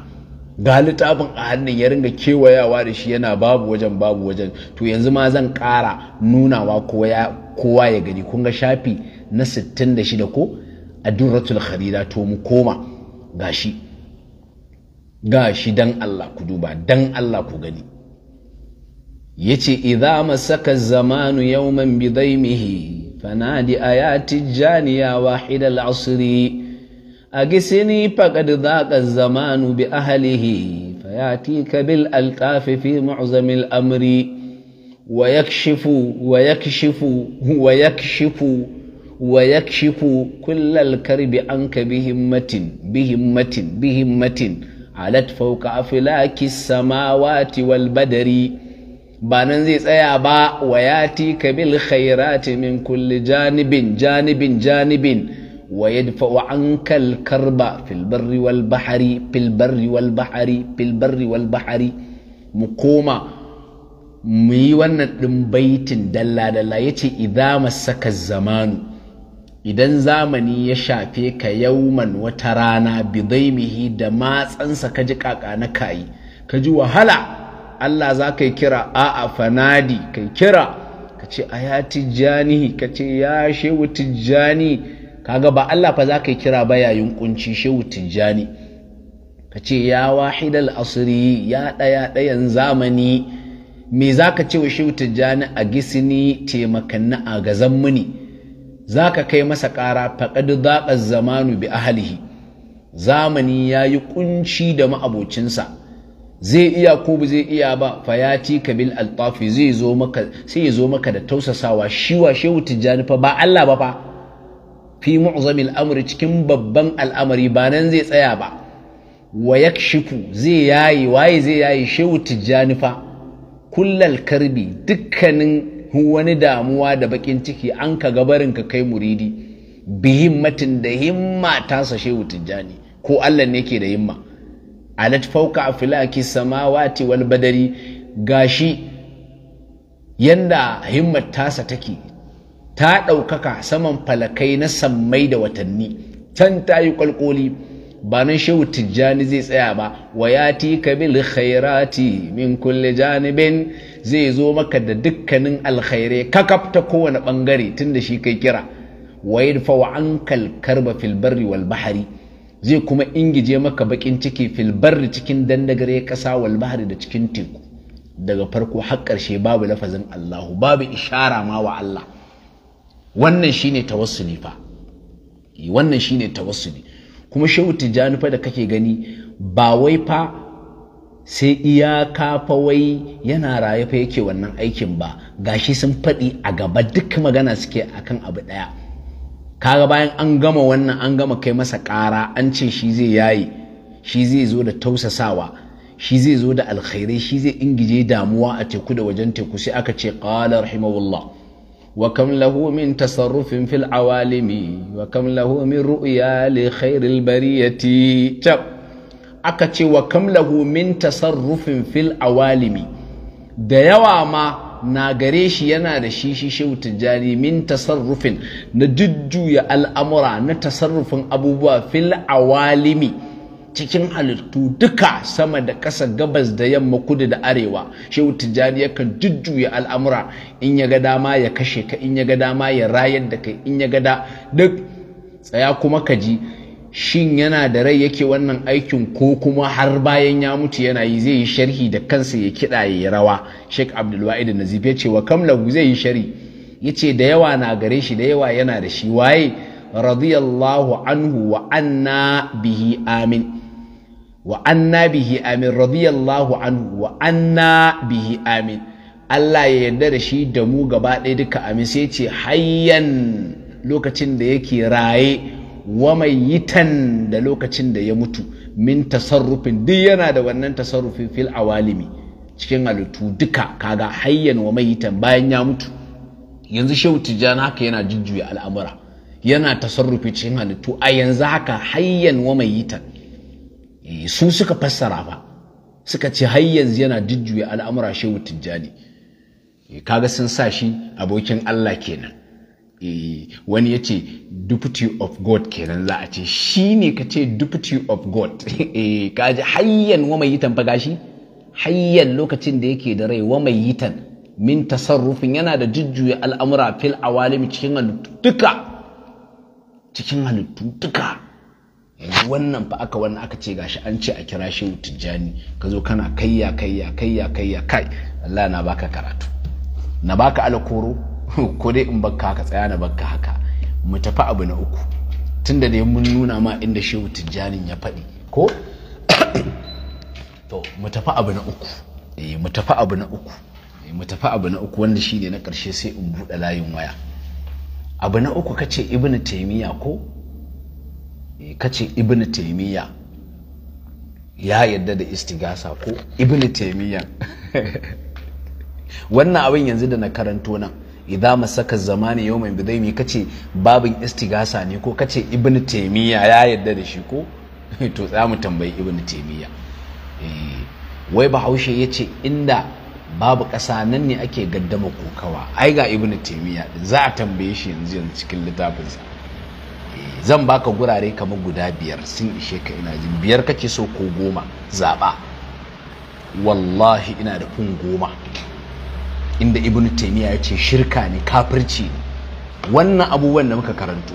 ga littafin a hannun ya ringa kewayawa da shi yana babu wajen babu wajen to yanzu ma zan ƙara nunawa kowa ya gani kun ga shafi na 66 ko a duratul kharida to mu koma gashi gashi dan Allah ku duba dan Allah ku gani yace idza masaka zamanu yawman bidaimihi fanadi ayati janiya wahida al-asri أجسني فقد ذاق الزمان بأهله فيأتيك بالألطاف في معظم الأمر ويكشف ويكشف ويكشف ويكشف كل الكرب عنك بهمة بهمة بهمة, بهمة alat fauka afilaki samawati wal badari ba nan zai tsaya ba wa yati kabil khairati min kulli janibin janibin janibin wa yadfa'u ankal karba fil barri wal bahari fil barri wal bahari fil barri wal bahari mu koma mu yi wannan ɗin baitin dalla-dalla ya ce idama saka zamanu idan zamani ya shafe ka yauman wata rana bidaimihi da matsansa ka ji kaka na kayi ka ji wahala Allah za ka yi kira a'a fanadi ka kira ka ce a ya tijjani ka ce ya shehu tijjani kaga ba Allah fa za ka yi kira ba yayin kunci shehu tijjani ka ce ya wahidal asiri ya ɗaya ɗayan zamani me za ka ce wa shehu tijjani a gisini taimakanni a gazan muni za ka kai masa ƙara faƙadu zaƙa zamanu bi ahalihi zamani ya yi ƙunci da ma'abocinsa zai iya ko ba zai iya ba fayati kabil altafi zai zo maka sai ya zo maka da tausasawa wa shehu tijjani fa ba Allah ba fa fi mu'zamil amri cikin babban al'amari ba nan zai tsaya ba wa yakshifu zai yayi waye zai yayi shehu tijjani fa kullal karbi dukkanin wani damuwa da bakin ciki an ka gabarin ka kai muridi bi himmatin da himma ta shehu tijjani ko Allah ne ke da himma alat fauka afilaki samawati wal badari gashi yanda himmat tasa take ta ɗaukaka saman falakai na sammai da watanni can ta yi kwalkoli ba nan shehu tijjani zai tsaya ba wa yati kabil khairati min kulli janibin zai zo maka da dukkanin alkhairai kakafta kowane bangare tunda shi kai kira wa yadfa'u ankal karba fil barri wal walbahari zai kuma ingije maka bakin ciki fil cikin dandagare kasa walbahari da cikin teku daga farko har karshe babu lafazin Allahu babu ishara ma wa Allah wannan shine tawassuli fa wannan shine tawassuli kuma shehu tijjani fa da kake gani ba wai fa sai iyaka fa wai yana raye fa yake wannan aikin ba gashi sun faɗi a gaba duk magana suke akan abu ɗaya kaga bayan an gama wannan an gama kai masa ƙara an ce shi zai yayi shi zai zo da tausasawa shi zai zo da alkhairai shi zai ingije damuwa a teku da wajen teku sai aka ce qala rahimahullah وكم له من تصرف في العوالم وكم له من رؤيا لخير البرية أكتي وكم له من تصرف في da yawa ma na gare shi yana da shi shi shehu tasarrufin na jujjuya al'amura na tasarrufin abubuwa filawalimi. cikin halittu duka sama da ƙasa gabas da yamma kudu da arewa shehu tijjani yakan jujjuya al'amura in ya ga dama ya kashe ka in ya ga dama ya rayar da kai in ya ga da duk tsaya kuma ka ji shin yana da rai yake wannan aikin ko kuma har bayan ya mutu yana yi zai yi sharhi da kansa ya kiɗa ya yi rawa sheik da nazif ya ce wa kamlahu zai yi sharhi? ya ce da yawa na gare shi da yawa yana da shi waye radiyallahu anhu wa anna bihi amin wa anna bihi amin radiyallahu anhu wa anna bihi amin Allah ya yarda da shi da mu gaba ɗaya duka amin sai ce hayyan lokacin da yake raye wa mai yitan da lokacin da ya mutu min tasarrufin duk yana da wannan tasarrufin fil awalimi cikin halittu duka kaga hayyan wa mai yitan bayan ya mutu yanzu shehu tijjani haka yana jujjuya al'amura yana tasarrufi cikin halittu a yanzu haka hayyan wa mai yitan Eh, su suka fassara ba suka ce har yanzu yana jujjuya al'amura shehu tijjani eh, kaga sun sa shi abokin Allah kenan eh, wani ya ce deputy of god kenan za a ce shi ne ka ce deputy of god [laughs] kaji hayyan wa mai yitan faga shi hayyan lokacin da yake da rai wa mai yitan min tasarrufin yana da jujjuya al'amura fil awalim cikin halittu duka cikin halittu duka yanzu wannan fa aka wannan aka ce gashi an ce a kira shehu tijjani ka zo kana kayya kayya kayya kayya kai Allah na baka karatu na baka alkoro [laughs] ko dai in baka haka tsaya na baka haka mu tafi abu na uku tunda da mun nuna ma inda shehu tijjanin ya faɗi ko [coughs] to mu tafi abu na uku eh mu tafi abu na uku eh mu tafi abu na uku wanda shine na karshe sai in bude layin waya abu na uku kace ibnu taymiya ko Eh, Ka ce ibn taimiyya ya yadda da istigasa ko ibn taimiyya [laughs] wannan abin yanzu da na karanto nan idan masaka zamani yau mai bidai mai kace babin istigasa ne ko kace ibn taimiyya ya yadda da shi ko [laughs] to za mu tambayi ibn taimiyya eh, wai bahaushe ya ce inda babu ƙasa nan ne ake gaddama kokawa ai ga ibn taimiyya za a tambaye shi yanzu yanzu cikin littafinsa zan baka gurare kamar guda biyar sun ishe ka ina jin biyar kake so ko goma zaɓa wallahi ina da kun goma inda ibn taimiyya ya ce shirka ne kafirci ne wannan abubuwan da muka karanto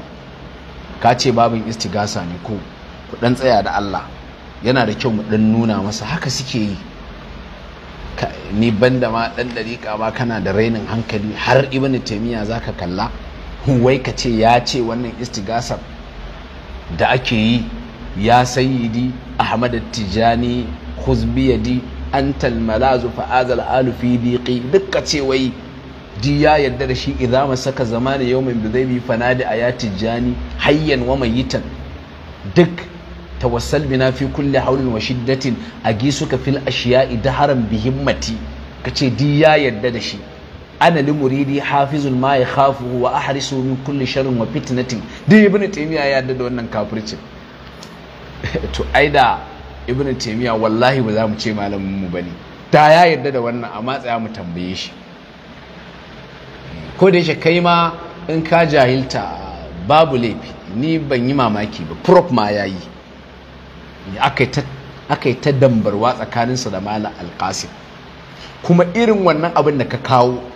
ka ce babin istigasa ne ko ku dan tsaya da Allah yana da kyau mu dan nuna masa haka suke yi ni banda ma dan dariƙa ma kana da rainin hankali har ibn taimiyya zaka kalla huwai ka ce ya ce wannan istigasar da ake yi ya sayyidi ahmad tijani huzbiyadi antal malazu fa'azal alufi diqi dukka ce wai di ya yarda da shi idza masaka zamani yawmin bi zai bi fanadi aya tijani hayyan wa mayitan duk tawassal bina fi kulli hawlin wa shiddatin agisuka fil ashiya'i daharan bi himmati kace di ya yarda da shi ana li muridi hafizun ma ya khafu wa ahrisu min kulli sharrin wa fitnatin da ibnu taymiya ya da wannan kafircin [laughs] to aida ibnu taymiya wallahi ba za mu ce malamin mu bane ta ya yarda da wannan a matsaya mu tambaye shi ko da yake kai ma in ka jahilta babu laifi ni ban yi mamaki ba prof ma yayi akai ta akai ta dambarwa tsakaninsa da malam alqasim kuma irin wannan abin da ka kawo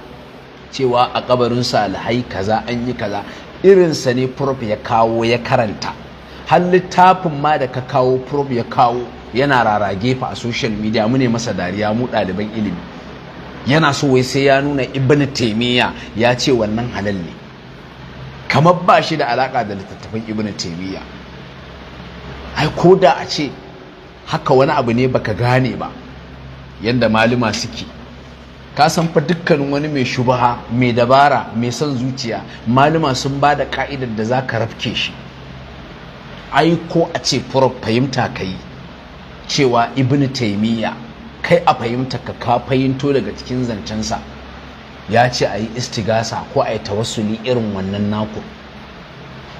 cewa a kabarin salihai kaza an yi kaza irinsa ne prof ya kawo ya karanta har littafin ma da ka kawo prof ya kawo yana rarage fa a social media mu ne masa dariya mu ɗaliban ilimi yana so wai sai ya nuna ibn taimiyya ya ce wannan halal ne kamar ba shi da alaka da littattafan ibn taimiyya ai ko da a ce haka wani abu ne baka gane ba yanda maluma suke ka san fa dukkanin wani mai shubaha mai dabara mai son zuciya maluma sun ba da ka'idar da za ka rafke shi ai ko a ce furar fahimta ka yi cewa ibn taimiyya kai a fahimta ka ka fahimto daga cikin zancensa ya ce a yi istigasa ko a yi tawassuli irin wannan naku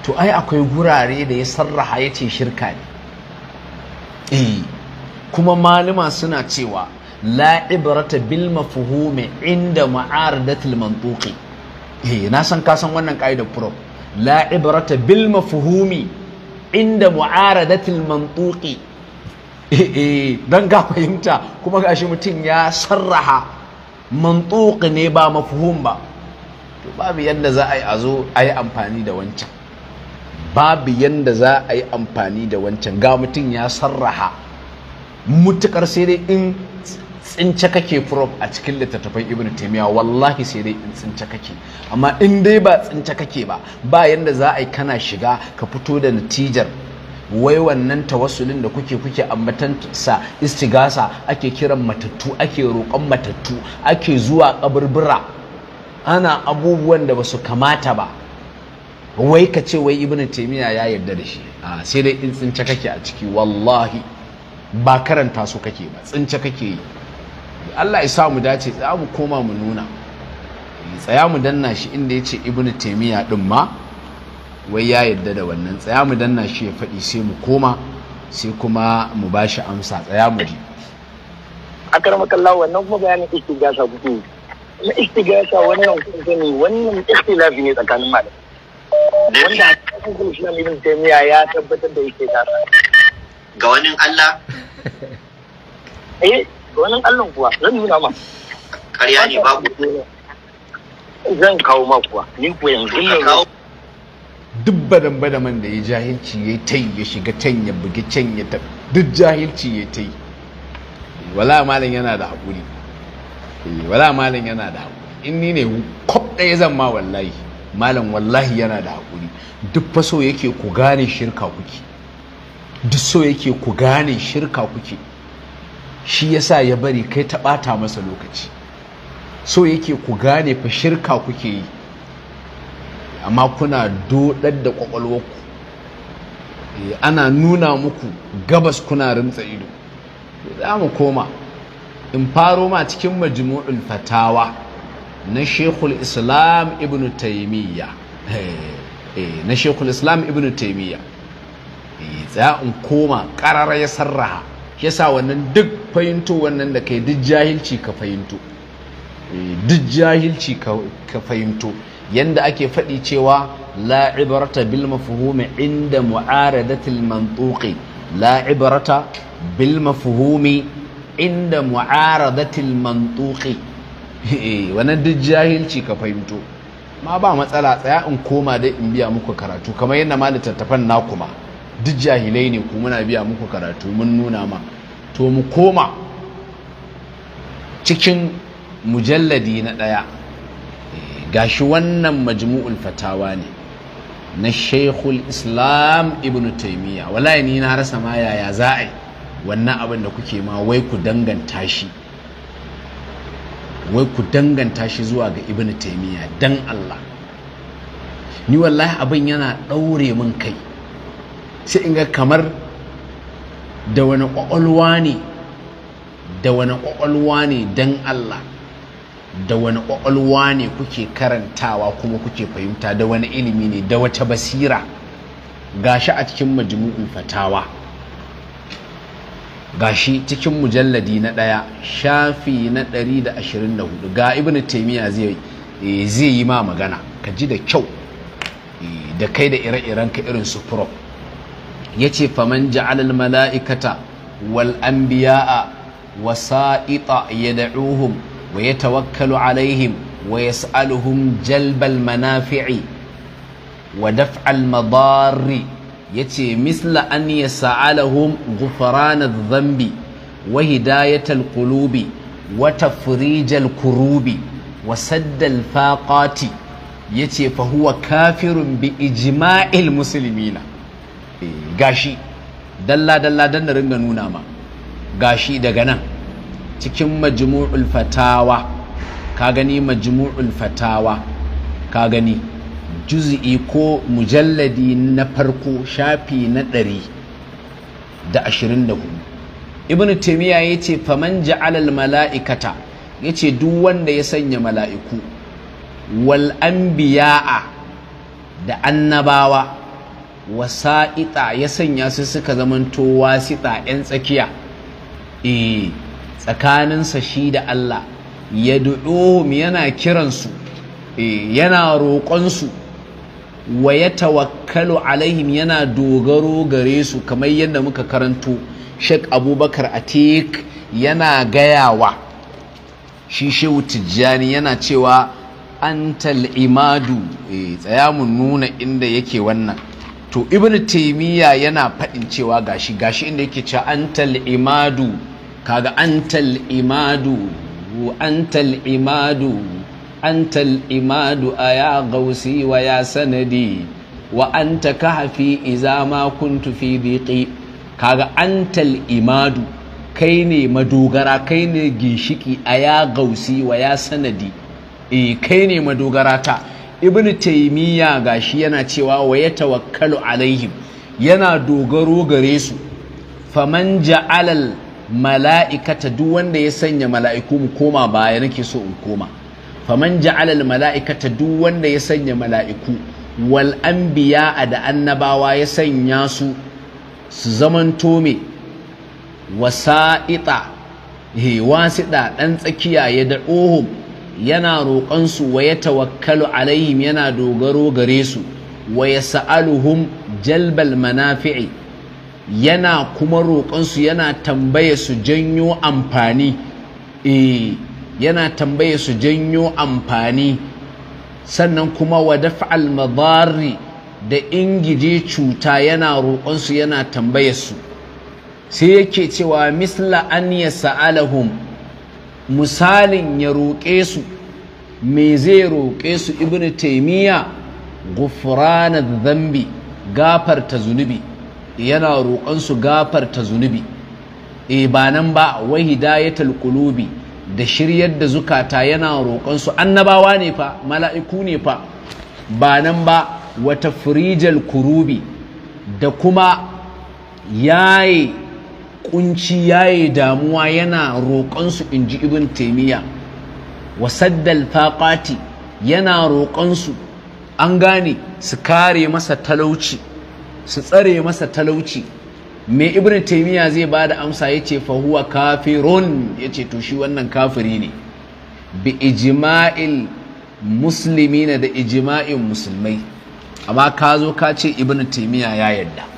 to ai akwai gurare da ya sarraha ya ce shirka ne eh kuma maluma suna cewa la ibrata bilma fuhume inda ma'aradatil mantuqi eh na san ka san wannan kaidar prof la ibrata bilma fuhume inda mu'aradatil mantuqi eh dan ga fahimta kuma ga shi mutum ya sarraha mantuqi ne ba mafhum ba to babu yadda za a yi a zo a yi amfani da wancan babu yadda za a yi amfani da wancan ga mutum ya sarraha mutukar sai dai in tsince kake prof a cikin littattafan Ibn taimiya wallahi sai dai in tsince kake amma in dai ba tsince kake ba ba yanda za a yi kana shiga ka fito da natijar wai wannan tawassulin da kuke kuke a matansa istigasa ake kiran matattu ake roƙon matattu ake zuwa kaburbura ana abubuwan da ba su kamata ba wai ka ce wai Ibn taimiya ya yarda da shi sai dai in tsince kake a ciki wallahi ba karanta su kake ba tsince kake yi Allah ya sa mu dace za mu koma mu nuna tsaya mu danna shi inda ya ce Ibn taimiyya din ma wai ya yadda da wannan tsaya mu danna shi ya faɗi sai mu koma sai kuma mu ba shi amsa tsaya mu ji akar makalla wannan kuma bayanin gasa, kuke na istigasa wannan kun ne wannan lafi ne tsakanin malamai wanda a cikin islam ibn taimiyya ya tabbatar da gasa ga wani Allah eh wani allon kuwa zan nuna ma ƙarya ne babu zan kawo ma kuwa ni yanzu ne duk badan badaman da ya jahilci ya ta yi ya shiga can ya bugi can ya ta duk jahilci ya ta yi eh, wala malin yana da haƙuri eh, wala malin yana da haƙuri in ni ne kwab ɗaya zan ma wallahi malam wallahi yana da haƙuri duk faso yake ku gane shirka kuke duk so yake ku gane shirka kuke shi ya sa ya bari kai ta ɓata masa lokaci so yake ku gane fa shirka kuke yi amma kuna doɗar da ƙwaƙwalwarku eh, ana nuna muku gabas kuna rimtsa ido za mu koma in faro ma cikin majmu'ul fatawa na shekul islam ibn taimiyya eh, eh, na shekul islam ibn taimiyya za in koma ƙarara ya sarraha yasa wannan duk fahimto wannan da kai duk jahilci ka fahimto eh, duk jahilci ka fahimto yanda ake faɗi cewa la ibrata bil mafhumi inda mu'aradatil mantuqi la ibrata bil mafhumi inda mu'aradatil mantuqi [laughs] eh, wannan duk jahilci ka fahimto ma ba matsala tsaya in koma dai in biya muku karatu kamar yadda ma littattafan na kuma duk jahilai ne ku muna biya muku karatu mun nuna ma to mu koma cikin mujalladi na ɗaya eh, shi wannan majmu'ul fatawa ne na shaikhul islam ibn taimiyya wallahi ni na rasa ma yaya za a yi wannan abin da kuke ma wai ku danganta shi wai ku danganta shi zuwa ga ibn taimiyya dan allah ni wallahi abin yana ɗaure min kai sai in kamar da wani ƙwaƙwalwa ne da wani ƙwaƙwalwa ne don Allah da wani ƙwaƙwalwa ne kuke karantawa kuma kuke fahimta da wani ilimi ne da wata basira gashi a cikin majmu'in fatawa gashi cikin mujalladi na ɗaya shafi na 124 ga Ibn taimiya eh, zai yi ma magana ka ji da kyau eh, da kai da ire-irenka irin su prop yace faman ja'ala al mala'ikata wal anbiya'a wasa'ita yad'uhum wa tawakkalu alaihim wa yas'aluhum jalbal manafi'i wa daf'al madarri yace misla an yas'aluhum ghufran adh-dhanbi wa hidayatal kulubi wata tafrijal kurubi wa saddal ya yace fa huwa kafirun bi ijima'il musulmina Eh, gashi dalla dalla dan na ringa nuna ma gashi daga nan cikin majmu'ul fatawa ka gani majmu'ul fatawa ka gani juz'i ko mujalladi na farko shafi na ɗari da ashirin da hudu ibn taimiyya ya ce faman ja'alal mala'ikata ya ce duk wanda ya sanya mala'iku wal anbiya'a da annabawa wasa'ita ya sanya su suka zamanto wasita 'yan tsakiya eh tsakaninsa shi da Allah ya du'uhum yana kiransu e, yana roƙonsu wa ya tawakkalu alaihim yana dogaro gare su kamar yadda muka karanto Sheikh Abubakar Atik yana gayawa shi Shehu Tijjani yana cewa antal imadu e, tsaya mu nuna inda yake wannan to ibn taimiyya yana faɗin cewa gashi gashi inda yake cewa antal imadu kaga antal imadu antal imadu antal imadu a ya gausi wa ya sanadi wa anta hafi iza ma kuntu fi dhiqi kaga antal imadu kai ne madogara kai ne ginshiki a ya gausi wa ya sanadi e kai ne madogara ta ibnu ga gashi yana cewa wa tawakkalu alaihim yana dogaro gare su faman ja'alal mala'ikata duk wanda ya sanya mala'iku mu koma baya nake so in koma faman ja'alal mala'ikata duk wanda ya sanya mala'iku wal a da annabawa ya sanya su su zamanto me wasa'ita he wasida dan tsakiya ya da yana roƙonsu wa ya tawakkalu alaihim yana dogaro gare su wa ya sa'aluhum jalbal manafi'i yana kuma roƙonsu yana tambaye su janyo amfani eh yana tambaye su janyo amfani sannan kuma wa daf'al madari da ingije cuta yana roƙonsu yana tambaye su sai yake cewa misla an ya sa'alahum misalin ya roƙe su me zai roƙe su ibnu taymiya ghufrana dhanbi gafarta zunubi yana roƙon su gafarta zunubi e ba nan ba wa hidayatul qulubi da shiryar da zukata yana roƙon su annabawa ne fa mala'iku ne fa ba nan ba wata firijal kurubi da kuma yaye kunci yaye damuwa yana roƙonsu in ji ibn taimiyya wasaddal faƙati yana roƙonsu an gane su kare masa talauci su tsare masa talauci mai ibn taimiyya zai ba da amsa ya ce fahuwa kafirun ya ce to shi wannan kafiri ne bi ijima'il musulmi da ijima'in musulmai amma ka zo ka ce ibn taimiyya ya yadda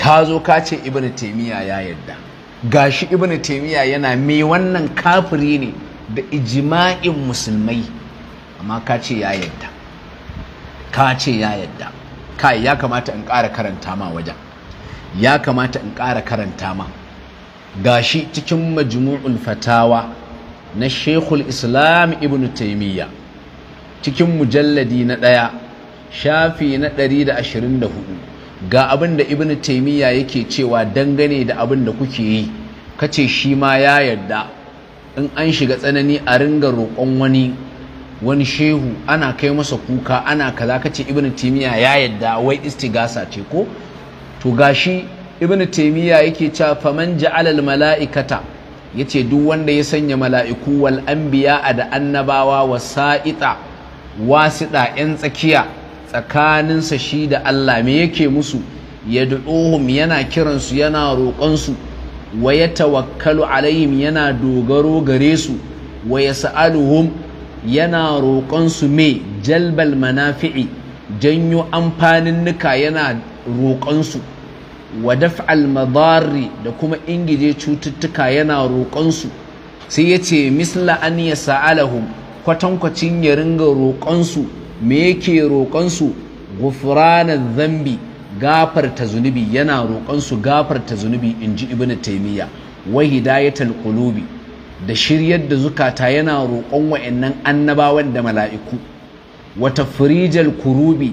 ka zo ka ce ibn taimiyya ya yadda gashi ibn taimiyya yana mai wannan kafiri ne da ijima'in musulmai amma ka ce ya yadda ka ce ya yadda kai ya kamata in ƙara karanta ma wajen ya kamata in ƙara karanta ma gashi cikin majmu'ul fatawa na shekul islam ibn taimiyya cikin mujalladi na ɗaya shafi na 124 ga abin da Ibn taimiyya yake cewa dangane da abin da kuke yi kace shi ma ya yarda in an shiga tsanani a ringa roƙon wani wani shehu ana kai masa kuka ana kaza kace Ibn taimiyya ya yarda wai istigasa ce ko to gashi Ibn taimiyya yake cewa faman ja'alal mala'ikata yace duk wanda ya sanya mala'iku wal anbiya da annabawa wasa'ita wasida yan tsakiya tsakaninsa shi da Allah me yake musu ya yad'uhum yana kiransu yana roƙonsu wa ya tawakkalu alaihim yana dogaro gare su wa ya sa'aluhum yana roƙonsu me jalbal manafi'i janyo amfanin nuka yana roƙonsu wa daf'al madarri da kuma ingije cututtuka yana roƙonsu sai yace misla an yas'alahum kwatankwacin ya ringa roƙonsu me yake roƙonsu gufranan zambi gafarta zunubi yana roƙonsu gafarta zunubi in ji ibn taimiyya wa hidayatul qulubi da shiryar da zukata yana roƙon wa'annan annabawan da mala'iku Wata tafrijal kurubi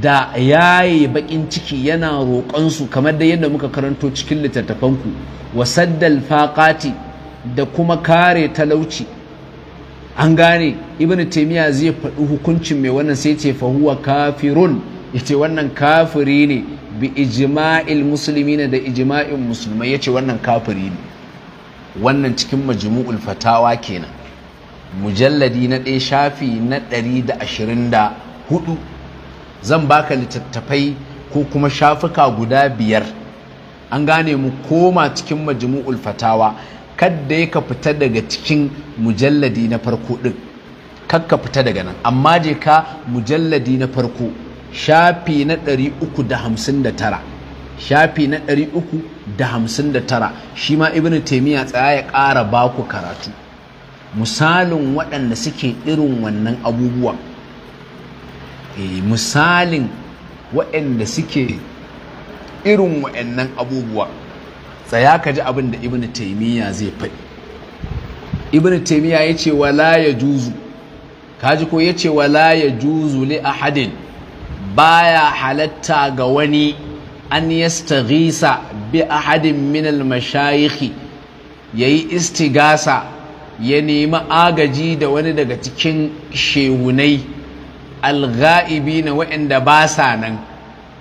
da yaye baƙin ciki yana roƙonsu kamar da yadda muka karanto cikin littattafanku wa saddal faqati da kuma kare talauci an gane ibn taimiyya zai faɗi hukuncin mai wannan sai ce fahuwa kafirun yace wannan kafiri ne bi ijma'il muslimina da ijma'in musulmai yace wannan kafiri ne wannan cikin majmu'ul fatawa kenan mujalladi na ɗaya shafi na ɗari da ashirin da hudu zan baka littattafai ko kuma shafuka guda biyar an gane mu koma cikin majmu'ul fatawa kadda ya ka fita daga cikin mujalladi na farko ɗin kar ka fita daga nan amma je ka mujalladi na farko shafi na 359 shafi na 359 shi ma ibn taimiyya tsaya ya ƙara baku karatu misalin waɗanda suke irin wannan abubuwan eh, misalin waɗanda suke irin waɗannan abubuwan tsaya ka ji abin da ibn taimiyya zai faɗi ibn taimiyya ya ce wala ya juzu kaji ko ya ce wala ya juzu li ahadin baya halatta ga wani an yastaghisa bi ahadin min al mashayikhi yayi istigasa ya nemi agaji da wani daga cikin shehunai al na waɗanda ba sa nan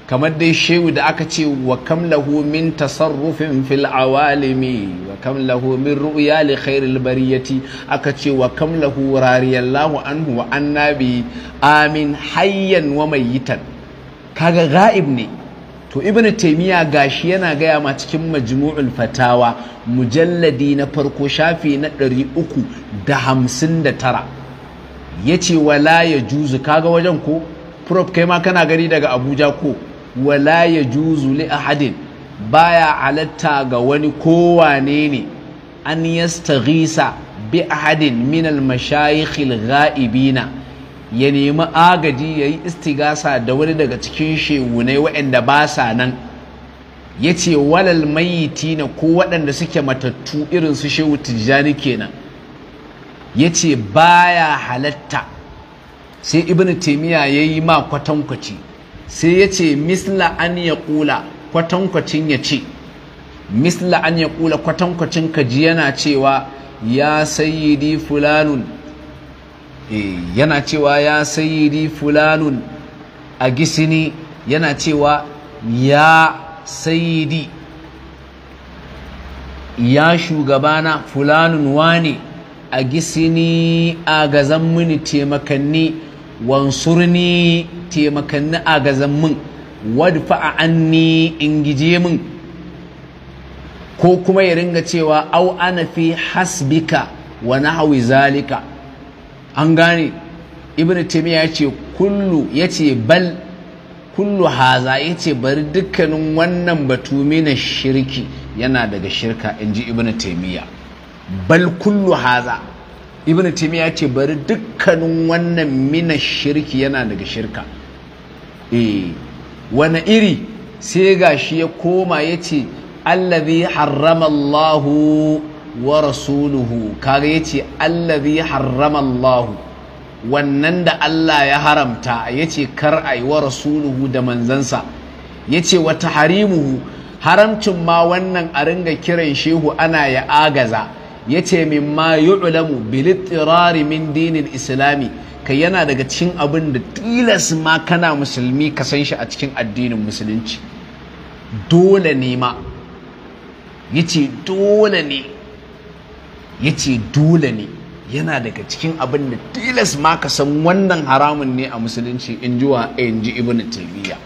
kamar dai shehu da aka ce wa kam lahu min tasarrufin fil awalimi wa kam lahu min ru'ya li khairil bariyati aka ce wa kam lahu rariyallahu anhu wa annabi amin hayyan wa mayitan kaga ga'ib ne to ibn taymiya gashi yana gaya ma cikin majmu'ul fatawa mujalladi na farko shafi na da da hamsin 359 yace wala ya juzu kaga wajen ko prof kai ma kana gari daga abuja ko wala ya juzu li ahadin baya halatta ga wani kowane ne an yastaghisa bi ahadin min al mashayikhil ghaibina ya nemi agaji yayi istigasa da wani daga cikin shehunai waɗanda ba sa nan ya ce walal mayiti na ko waɗanda suke matattu irin su shehu tijjani kenan ya ce baya halatta sai ibn taimiyya ya yi ma kwatankwaci sai ya ce misla an ya kula kwatankwacin ya ce misla an ya kula kwatankwacin kaji yana cewa ya sayyidi fulanun eh, yana cewa ya sayyidi fulanun a gisini yana cewa ya sayyidi ya shugabana fulanun wane a gisini a gazan mini taimakanni wansurni taimakanni agazan min wadfa'a anni in gije min ko kuma ya ringa cewa au ana fi hasbika wa nahwi zalika an gane ibnu taymiya ce kullu yace bal kullu haza yace bari dukkanin wannan batu mina shirki yana daga shirka inji ibnu taymiya bal kullu haza ibn timiya ce bari dukkanin wannan mina shirki yana daga shirka eh wani iri sai ga shi ya koma ya ce allazi harrama allahu wa rasuluhu kaga ya ce allazi harrama allahu wannan da allah ya haramta ya ce kar a yi wa rasuluhu da manzansa ya ce wata harimuhu haramcin ma wannan a ringa kiran shehu ana ya agaza yace ma yu'lamu bil ittirari min dinil islami kai yana daga cikin abin da tilas ma kana musulmi ka shi a cikin addinin musulunci dole ne ma yace dole ne yace dole ne yana daga cikin abin da tilas ma ka san wannan haramun ne a musulunci in ji wa ibnu taymiyyah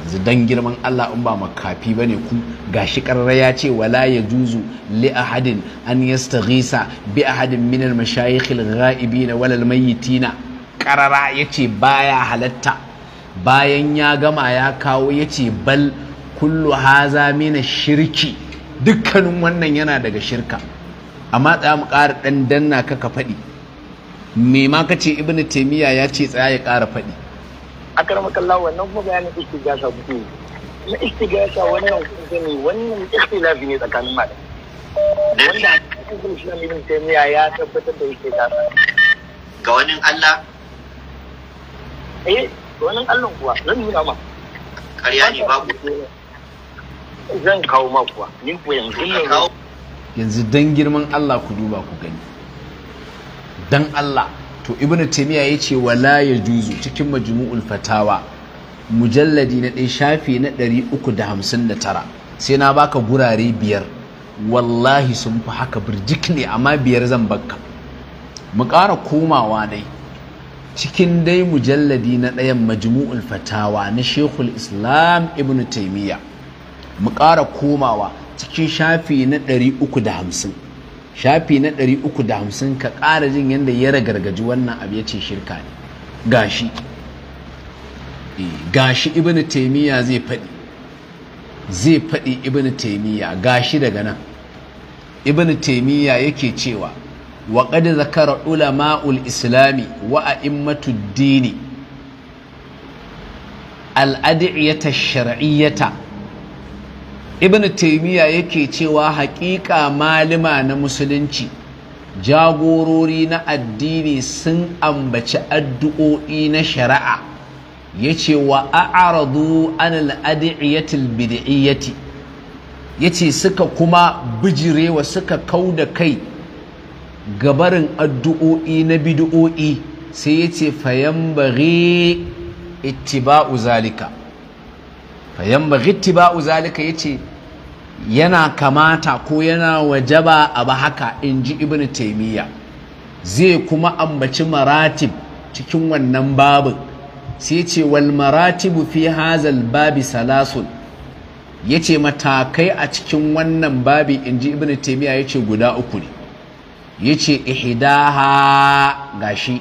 yanzu dan girman Allah in ba makafi bane ku gashi karra ya ce wala ya juzu li ahadin an yastaghisa bi ahadin min al ra'ibi na walal wal mayyitina karara yace baya halatta bayan ya gama ya kawo yace bal kullu haza min shirki dukkanin wannan yana daga shirka amma tsaya mu ƙara ɗan ka ka faɗi me ma ka ce ibnu taimiya ya ce tsaya ya ƙara faɗi akarmakalla wannan kuma bayanin istigasa kuke na istigasa wannan wannan ne tsakanin wanda a cikin ya tabbatar da ga wani Allah eh wani kuwa zan nuna ma ƙarya ne babu zan kawo ma kuwa ni yanzu ne yanzu dan girman Allah ku duba ku gani dan Allah to ya taymiya yace wala juzu cikin majmu'ul fatawa mujalladi na ɗaya shafi na 359 sai na baka gurare biyar wallahi sun fi haka birjik ne amma biyar zan bakka mu ƙara komawa dai cikin dai mujalladi na ɗayan majmu'ul fatawa na shekul islam ibn taimiyya mu ƙara komawa cikin shafi na 350 shafi na 350 ka ƙara jin yadda ya ragargaji wannan abu ya ce shirka ne gashi e, gashi ibn taimiyya zai faɗi zai faɗi ibn taimiyya gashi daga nan ibn taimiyya yake cewa wa qad zakara ulama'ul islami wa immatu dini al'adiyyata shar'iyyata ibn taimiyya yake cewa haƙiƙa malima na musulunci jagorori na addini sun ambaci addu'o'i na shari'a ya ce wa a'aradu an al’adiyyatul bid'iyyati ya ce suka kuma bijirewa suka kau da kai gabarin addu'o'i na bid'o'i sai ya ce fayan bari ittiba'u zalika fayan ba ba'u zalika ya ce yana kamata ko yana wajaba a ba haka in ji ibn taimiyya zai kuma ambaci maratib cikin wannan babin sai ce wal maratibu fi hazal babi salasun ya ce matakai a cikin wannan babi in ji ibn taimiyya ya ce guda uku ne ya ce ihidaha gashi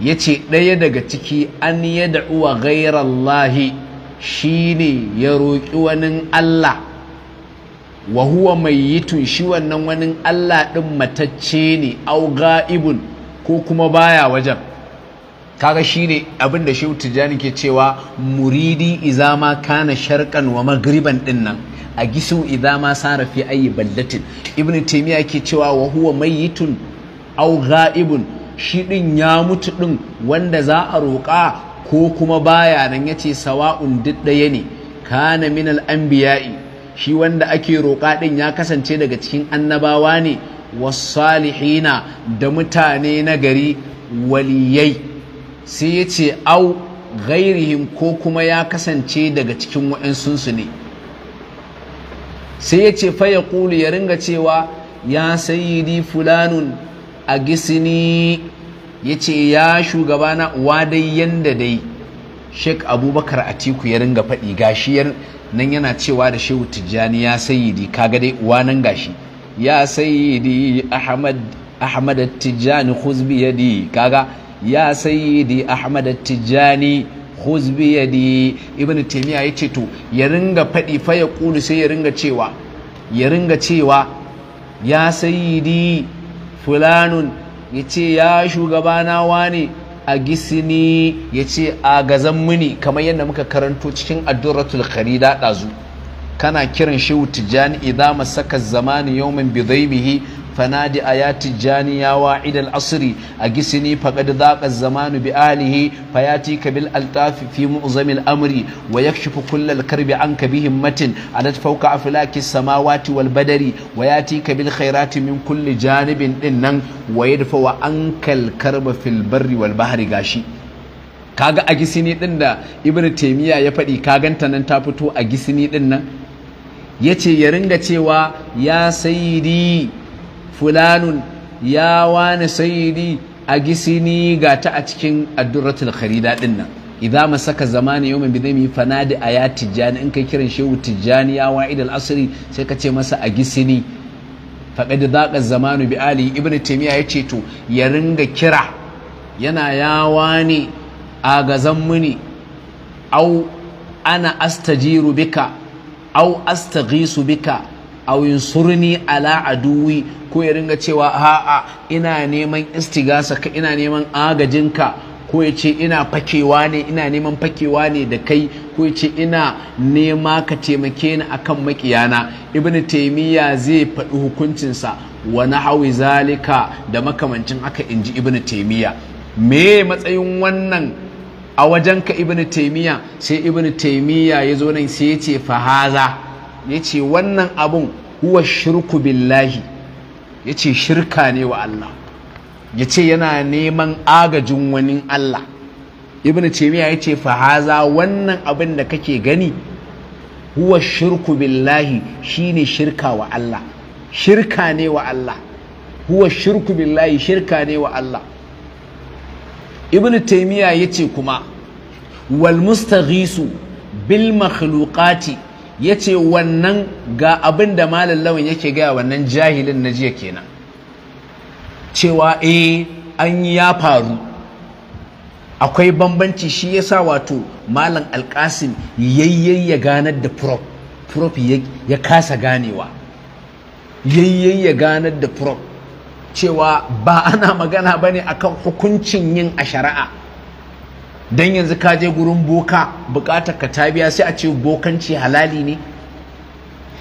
ya ce ɗaya daga ciki an yada'uwa ghairallahi. shine ya roƙi wani Allah wa huwa yi shi wannan wani Allah ɗin matacce ne au ga'ibun ko kuma baya wajen kaga shine abin da Shehu Tijjani ke cewa muridi izama kana sharqan wa magriban din nan a gisu izama sara ayi ballatin ibn taymiya ke cewa wa huwa tun au ga'ibun shi ɗin ya mutu ɗin wanda za a roƙa ko kuma baya nan ya ce sawa'un duk ɗaya ne kana min al'anbiya'i shi wanda ake roƙa ɗin ya kasance daga cikin annabawa ne wasalihina da mutane na gari waliyai sai ce au ghairihim ko kuma ya kasance daga cikin waɗansunsu ne sai ya yace fa ya ringa cewa ya sayyidi fulanun a gisini ya ce ya shugabana uwa dai yanda dai shek abubakar atiku ya ringa faɗi gashi nan yana cewa da shehu tijjani ya sayidi kaga dai uwa nan gashi ya sayidi ahmad ahmad tijjani khuz yadi kaga ya sayidi ahmad tijjani khuz yadi ibnu taymiya yace to ya ringa faɗi fa ya kulu sai ya ringa cewa ya ringa cewa ya sayidi fulanun ya ce ya shugaba na wane a gisini ya ce a gazan muni kamar yadda muka karanto cikin addu'ratul da ɗazu kana kiran shi shehu tijjani idza saka zamani yawmin bihi. fanadi ayati jani ya wa'id al-asri agisini faqad dhaqa az-zamanu bi ahlihi fayati kabil altaf fi mu'zam al-amri wa yakshifu kull al-karbi anka bi himmatin adat fawqa aflaki sama wati wal badari wa yati kabil khairati min kulli janibin dinnan wa yadfa wa anka al-karba fil wal bahri gashi kaga a gisini din da ibn taimiya ya faɗi kaganta nan ta fito a gisini din nan ya ce ya ringa cewa ya sayidi fulanun ya wani sayidi a gisini ga ta a cikin addurratul kharida din nan idan masaka zamani fana da fanadi aya tijjani in kai kiran shehu tijjani ya wa al-asri sai ka ce masa a gisini faqad daqa zamanu bi ali ibn taymiya yace to ya ringa kira yana yawa ne a gazan muni au ana astajiru bika au astaghisu bika Awin surni ala aduwi ko ya ringa cewa a'a ina neman istigasa ka ina neman agajinka ko ya ce ina fakewa ne ina neman fakewa ne da kai ko ya ce ina nema ka taimake ni akan makiyana ibn taimiya zai faɗi hukuncinsa wani hawi zalika da makamancin aka inji ji ibn taimiya me matsayin wannan a wajenka ibn taimiya sai ibn taimiya ya zo nan sai ya ce fahaza ya ce wannan abin huwa shirku billahi ya ce shirka ne wa Allah ya ce yana neman agajin wani Allah ibn taimiyya ya ce fahaza wannan abin da kake gani huwa shirku billahi shine shirka wa Allah shirka ne wa Allah huwa shirku billahi shirka ne wa Allah ibn taimiyya ya ce kuma wal mustaghisu bil makhluqati ya ce wannan ga abin da malam lawan yake gaya wannan jahilin na jiya kenan cewa eh an ya faru akwai bambanci shi ya sa wato malam alkasin yayyayi ya ganar da prop prop ya kasa ganewa yayyayi ya ganar da prop cewa ba ana magana ba bane akan hukuncin yin a shari'a don yanzu ka je gurin boka bukatar ka ta biya sai a ce bokanci halali ne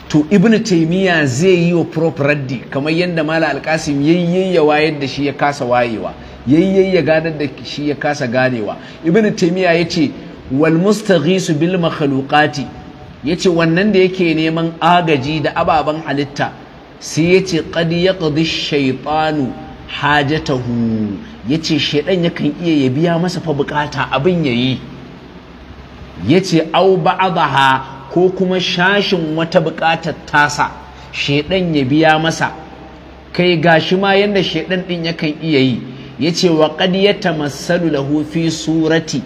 to ibn taimiyya zai yi wa prof raddi kamar yadda mala alkasim yayyaye wayar da shi ya kasa wayewa yayyaye gadar da shi ya kasa ganewa ibn taimiyya ya ce wal mustaghisu bil makhluqati ya ce wannan da yake neman agaji da ababen halitta sai ya ce qad yaqdi shaytanu hajatahu yace shedan yakan iya ya biya masa fa bukata abin yayi yace au ba'daha ko kuma shashin wata bukatar tasa shedan ya biya masa kai gashi ma yanda shedan din yakan iya yi yace wa qad yatamassalu lahu fi surati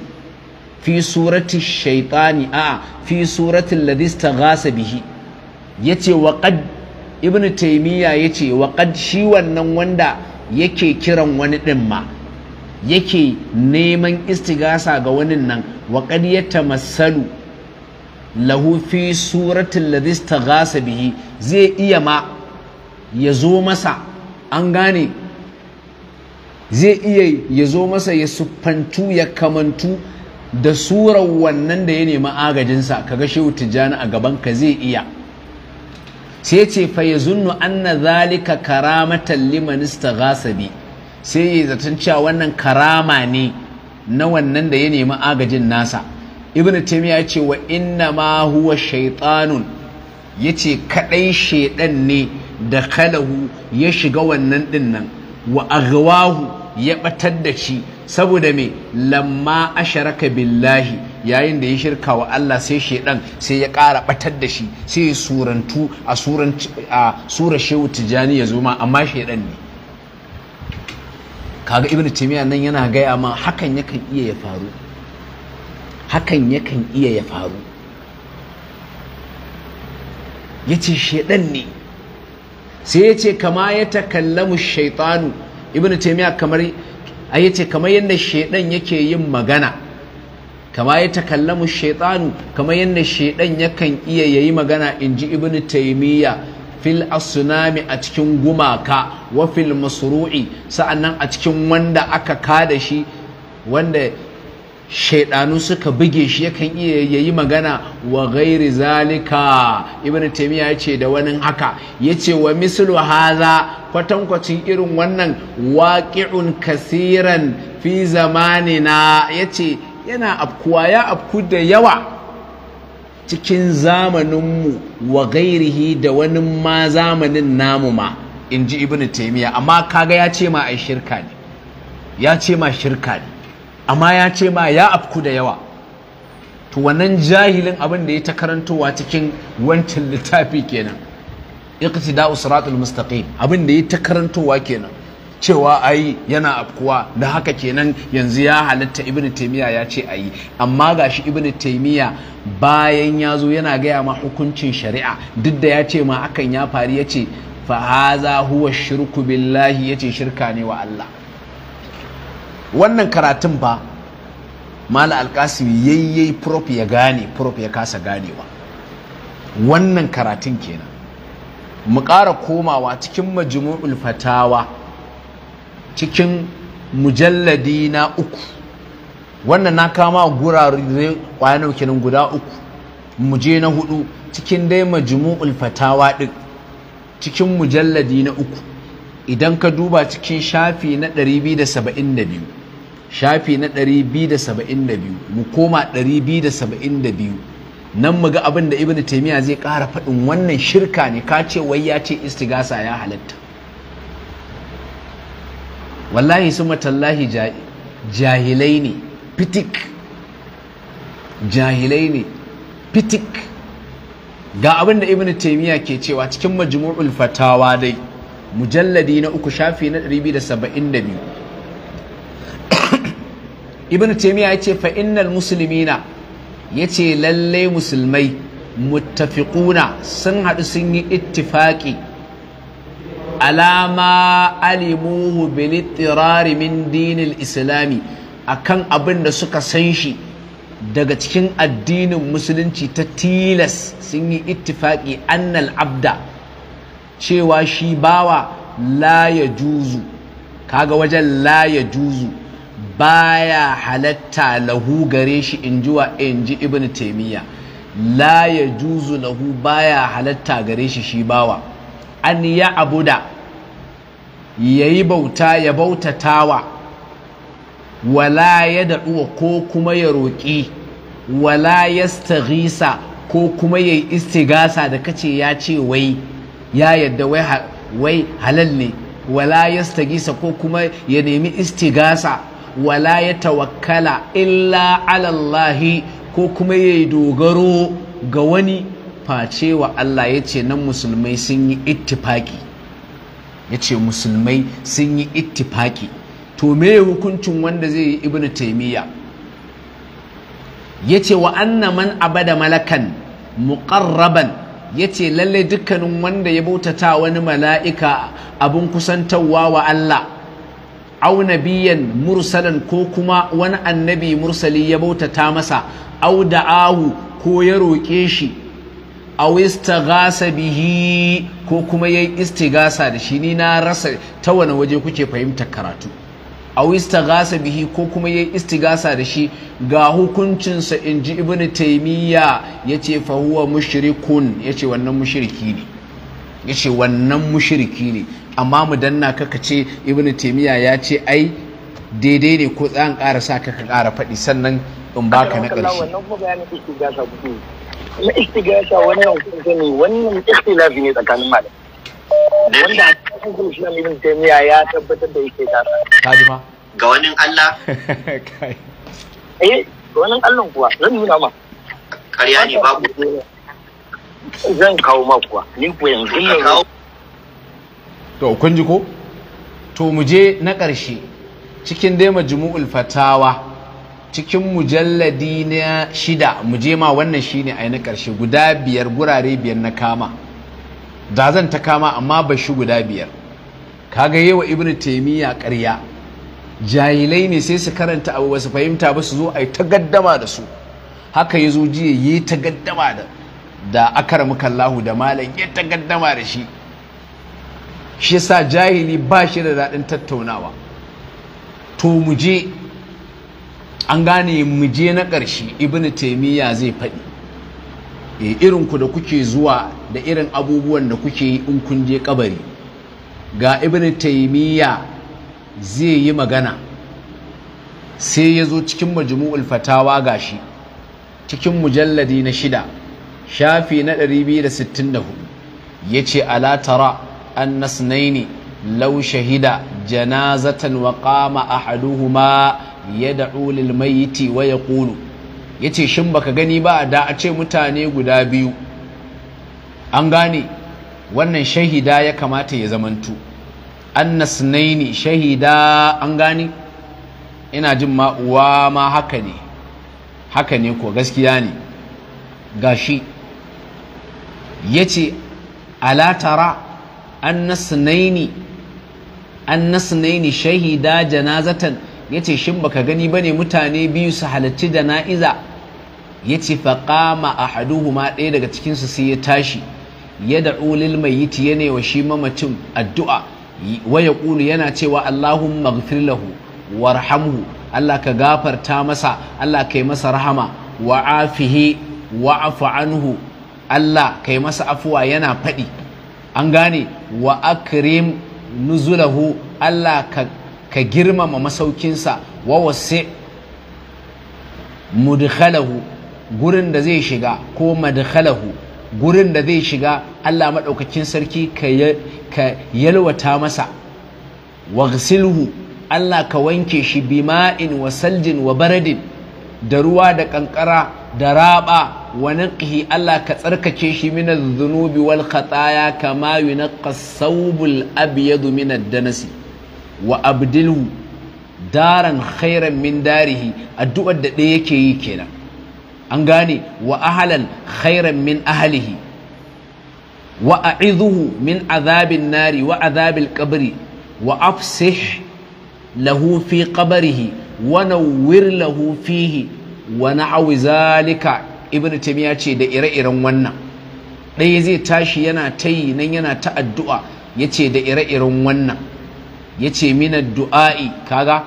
fi surati shaytani a fi surati alladhi istaghasa bihi yace wa qad ibnu taymiya yace wa qad shi wannan wanda yake kiran wani din ma yake neman istigasa ga wani nan wa qad masalu lahu suratun suratul gasa bihi zai iya ma ya zo masa an gane zai iya ya zo masa ya siffantu ya kamantu da surar wannan da ya nemi agajinsa kaga shehu tijjani a gaban ka zai iya sai ce fa ya yazunnu anna zalika karamatan liman istaghasa sai ya zaton cewa wannan karama ne na wannan da ya nemi agajin nasa ibn taymiya ya ce wa inna ma huwa shaytanun yace kadai shaidan ne da khalahu ya shiga wannan dinnan wa aghwahu ya batar da ci saboda mai lamma asharaka billahi yayin da ya shirka wa Allah sai shedan sai ya ƙara batar da shi sai ya surantu a suran a sura shehu tijani ya zo ma amma shedan ne kaga ibn timiya nan yana gaya ma hakan yakan iya ya faru hakan yakan iya ya faru yace shedan ne sai yace kama ya takallamu shaitanu ibn timiya kamar ai yace kamar yadda shedan yake yin magana kama ya mu shaitanu kama yadda shaidan yakan iya yayi magana in ji ibn taimiyya fil asunami a cikin gumaka wa fil masru'i sa'annan a cikin wanda aka kada shi wanda shaidanu suka buge shi yakan iya yayi magana wa gairi zalika ibn taimiyya ya ce da wani haka ya ce wa mislu haza kwatankwacin irin wannan waƙi'un kasiran fi zamanina ya ce yana afkuwa ya afku da yawa cikin zamaninmu wa gairihi da wani ma zamanin namu ma in ji ibn taimiya amma kaga ya ce ma ai shirka ne ya ce ma shirka ne amma ya ce ma ya afku da yawa to wannan jahilin abin da ya ta karantowa cikin wancan littafi kenan iqtida'u siratul mustaqim abin da ya ta karantowa kenan cewa ayi yana afkuwa da haka kenan yanzu ya halitta. ibn taimiyya ya ce ayi amma gashi ibn taimiyya bayan ya zo yana gaya ma hukuncin shari'a duk da ya ce ma akan ya faru ya ce fa huwa shirku billahi ya ce shirka ne wa Allah wannan karatun ba mala alkasimi yayyai prop ya gane prop ya kasa ganewa wannan karatun kenan mu ƙara komawa cikin majmu'ul fatawa cikin mujalladi na uku wannan na kama gurare kwanan kenan guda uku muje na hudu cikin dai majmu'ul fatawa din cikin mujalladi na uku idan ka duba cikin shafi na 272 shafi na 272 mu koma 272 nan mu ga abin da ibnu taymiya zai ƙara faɗin wannan shirka ne ka ce wai ya ce istigasa ya halatta wallahi su matallahi jahilai ne fitik jahilai ne fitik ga abin da ibn taimiyya ke cewa cikin majmu'ul fatawa dai mujalladi na uku shafi na 272 [coughs] ibn taimiyya ya ce fa'innal musulmina ya ce lallai musulmai muttafiquna sun haɗu sun yi ittifaƙi alama alimuhu bilittirari min dinil islami akan abin da suka san shi daga cikin addinin musulunci ta tilas sun yi ittifaki annal abda cewa shi bawa la ya juzu kaga wajen la ya juzu baya halatta lahu gare shi in ji wa in ji ibn taimiyya la ya juzu lahu baya halatta gare shi shi bawa an ya abuda ya yi bauta ya bautatawa wala ya daɗuwa ko kuma ya roƙi wala ya staghisa ko kuma ya yi istigasa da kace ya ce wai ya yadda wai halal ne wala ya stagisa ko kuma ya nemi istigasa wala ya tawakkala illa alallahi ko kuma ya yi dogaro ga wani face wa Allah ya ce nan musulmai sun yi ittifaki ya ce musulmai sun yi ittifaki to me hukuncin wanda zai yi ibnu taimiyya ya ce wa anna man abada malakan muƙarraban. ya ce lallai dukkanin wanda ya bautata wani mala'ika abin kusantarwa wa Allah au nabiyan mursalan ko kuma wani annabi mursali ya bautata masa au da'ahu ko ya roƙe shi awista gasa bihi ko kuma ya yi istigasa da shi ni na rasa ta wani waje kuke fahimtar karatu awista gasa bihi ko kuma ya yayi istigasa da shi ga hukuncinsa in inji ibnu Taimiyya yace fahuwa huwa mushrikun ce wannan mushriki ne ce wannan mushriki ne amma mu danna kaka ce ibini Taimiyya ya ce ai daidai ne ko tsan ƙara sa ka ka ƙara faɗi sannan in baka na ƙarshe na wani wannan sani wannan istilafi ne tsakanin malam wanda a cikin islam ibn taimiyya ya tabbatar da yake kaji ma ga wani Allah [laughs] eh ga wani Allah kuwa zan nuna ma Karya ne babu zan kawo ma kuwa ni ku yanzu ne to kun ji ko to mu je na ƙarshe cikin dai majmu'ul fatawa cikin mujalladi na shida mu je ma wannan shine ai na ƙarshe guda biyar gurare biyar na kama da zan ta kama amma ba shi guda biyar kaga yawa Ibn taymiya ƙarya jahilai ne sai su karanta abu wasu fahimta ba su zo ai ta gaddama da su haka ya zo jiya yi ta gaddama da da Lahu da malam ya ta gaddama da shi shi sa jahili ba shi da daɗin tattaunawa to mu je an gane muje na ƙarshe ibn taimiyya zai faɗi e eh, irinku da kuke zuwa da irin abubuwan da kuke yi in kun je kabari ga ibn taimiyya zai yi magana sai ya zo cikin majmu'ul fatawa gashi cikin mujalladi na shida shafi na 264 ya ce ala tara an nasnaini lau shahida janazatan wa qama ahaduhuma yad'u lil mayyiti Ya yaqulu yace shin baka gani ba da a ce mutane guda biyu an gane wannan shahida ya kamata ya zamantu na naini shahida an gane ina jin ma uwa ma haka ne haka ne ko gaskiya ne gashi yace ala tara annas an shahida janazatan ya ce shin baka gani ba ne mutane biyu su halarci jana'iza ya ce faƙama a haduhuma ɗaya daga cikinsu sai ya tashi ya ulil mai yi ya ne wa shi mamacin addu'a waya ƙulu yana cewa allahun magfirlahu warhamhu allah ka gafarta masa allah Kai masa rahama wa afihi wa afu anhu allah ka masa afuwa yana faɗi an gane wa akrim nuzulahu allah ka ka girmama masaukinsa wa wasi mudkhalahu gurin da zai shiga ko madkhalahu gurin da zai shiga Allah maɗaukakin sarki ka yalwata masa waghsilhu Allah ka wanke shi bima'in wa saljin wa baradin da ruwa da ƙanƙara da raɓa wa naqihi Allah ka tsarkake shi min zunubi dhunubi wal khataya kama yunqas sawbul abyadu min ad-danasi wa abdilhu daran khairan min darihi addu'ar da ɗaya yake yi kenan an gane wa ahalan khairan min ahalihi wa a'idhuhu min azabin nari wa azabil qabri wa afsih lahu fi qabrihi wa nawwir lahu fihi wa na'awi zalika ibnu taymiya ce da ire-iren wannan ɗaya zai tashi yana tayi nan yana ta addu'a yace da ire-iren wannan Ya ce minar du'a'i kaga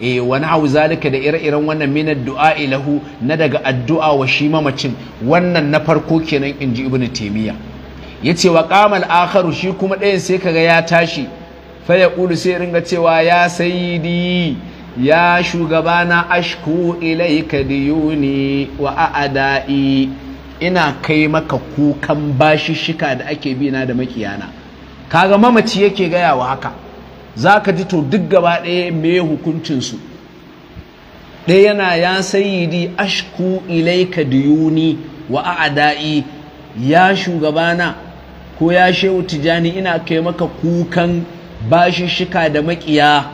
eh wani abu zalika da ire-iren wannan minar du'a'i lahu na daga addu'a wa shi mamacin wannan na farko kenan in ji taimiyya taymiya ce wa kamal akharu shi kuma ɗayan sai kaga ya tashi Faya yaqulu sai ringa cewa ya sayyidi ya shugabana ashku ilaika diyuni wa a'da'i ina kai maka kukan bashi shika da ake bina da makiyana kaga mamaci yake gaya wa haka za ka ji to duk gaba ɗaya mai hukuncinsu ɗaya yana ya sayidi ashku ilaika diyuni wa a'da'i ya shugabana ko ya shehu tijani ina kai maka kukan bashi shika da maƙiya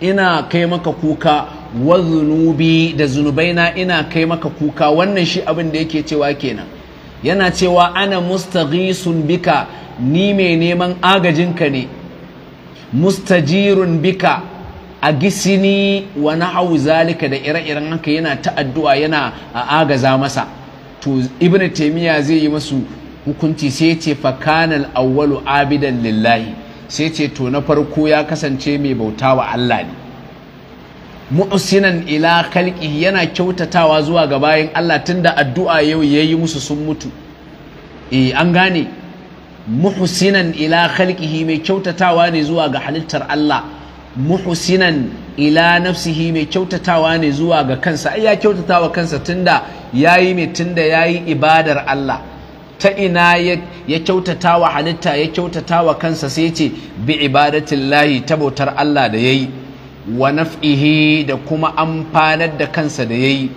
ina kai maka kuka wa zunubi da zunubaina ina kai maka kuka wannan shi abin da yake cewa kenan yana cewa ana mustaghisun bika ni mai neman agajinka ne mustajirun bika a gisini wa hau zalika da ire-iren haka yana ta addu'a yana a agaza masa to Ibn taymiya zai yi masu hukunci sai ce fa awwalu abidan lillahi sai ce to na farko ya kasance mai bauta wa Allah ne mu'sinan ila khalqi yana kyautatawa zuwa ga bayan Allah tunda addu'a yau yayi musu sun mutu eh an gane muhsinan ila khalqihi mai kyautatawa ne zuwa ga halittar Allah muhsinan ila nafsihi mai kyautatawa ne zuwa ga kansa ai ya kyautatawa kansa tunda yayi mai tunda yayi ibadar Allah ta ina ya kyautatawa halitta ya kyautatawa kansa sai ce bi ibadatillahi ta bautar Allah da yayi wa naf'ihi da kuma amfanar da kansa da yayi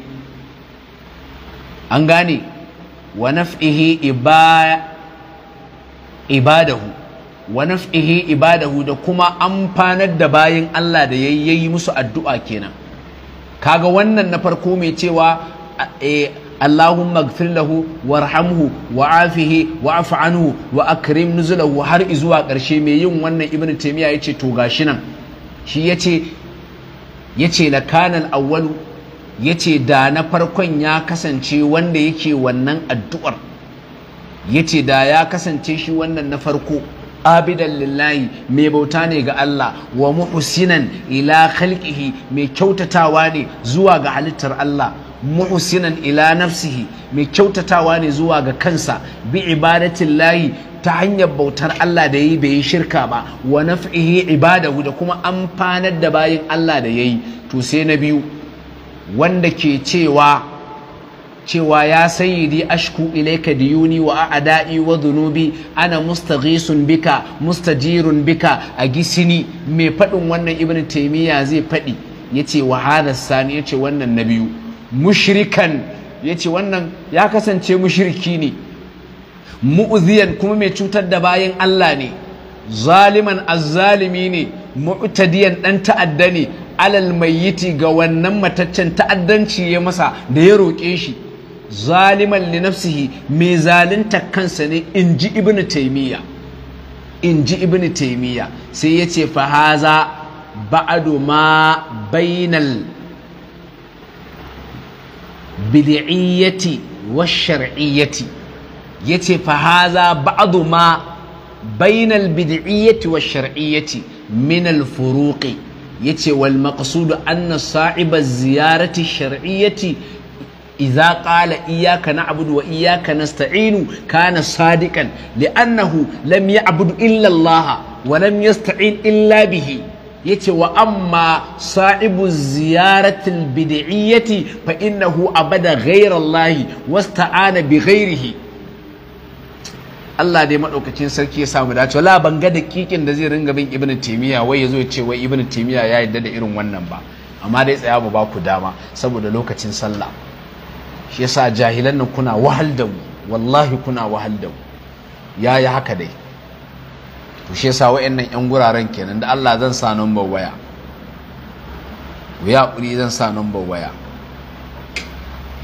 an gane wa naf'ihi ibadahu wa naf'ihi ibadahu da kuma amfanar da bayin Allah da yayi musu addu'a kenan kaga wannan na farko mai cewa eh, Allahumma gfir lahu warhamhu wa'afihi wa anhu wa akrim nuzulahu har izuwa ƙarshe mai yin wannan ibn ya yace to gashi nan shi ce yace lakana awwalu yace da na farkon ya kasance wanda yake wannan addu'ar yace da ya kasance shi wannan na farko abidan lillahi mai bauta ne ga Allah wa muhsinan ila khalqihi mai kyautatawa ne zuwa ga halittar Allah muhsinan ila nafsihi mai kyautatawa ne zuwa ga kansa bi ibadatin layi ta hanyar bautar Allah da yi bai yi shirka ba wa naf'ihi ibada da kuma amfanar da bayin Allah da yayi to sai na biyu wanda ke cewa cewa ya sayyidi ashku ilaika diyuni wa a'da'i wa dhunubi ana mustaghisun bika mustajirun bika a gisini mai faɗin wannan ibn taimiyya zai faɗi yace wa hadha sani yace wannan na biyu mushrikan yace wannan ya kasance mushriki ne mu'ziyan kuma mai cutar da bayan Allah ne zaliman azzalimi ne mu'tadiyan dan ta'adda ne alal mai mayyiti ga wannan mataccen ta'addanci ya masa da ya roƙe shi zaliman li nafsihi mai zalunta kansa ne in ji ibn taimiyya in ji ibn taimiyya sai ya ce fahaza ba'adu ma bainal bid'iyyati wa shar'iyyati ya ce fahaza ba'adu ma bainal bid'iyyati wa shar'iyyati min al-furuqi yace wal maqsudu anna sa'iba ziyarati shar'iyyati iza qala iyyaka na'budu wa iyyaka nasta'inu kana sadiqan li'annahu lam ya'budu illa Allah wa lam yasta'in illa bihi yace wa amma sa'ibu ziyaratil bid'iyyati fa innahu abada ghayra Allah wasta'ana bi ghairihi Allah dai maɗaukacin sarki ya samu dace la ban ga dakikin da zai ringa bin ibnu taymiya wai yazo ya ce wai ibnu taymiya ya yarda da irin wannan ba amma dai tsaya ba ku dama saboda lokacin sallah shi yasa jahilan nan kuna wahal da mu wallahi kuna wahal da mu yi haka dai to shi yasa wayannan yan guraren kenan da Allah zan sa number waya ku ya kuri zan sa number waya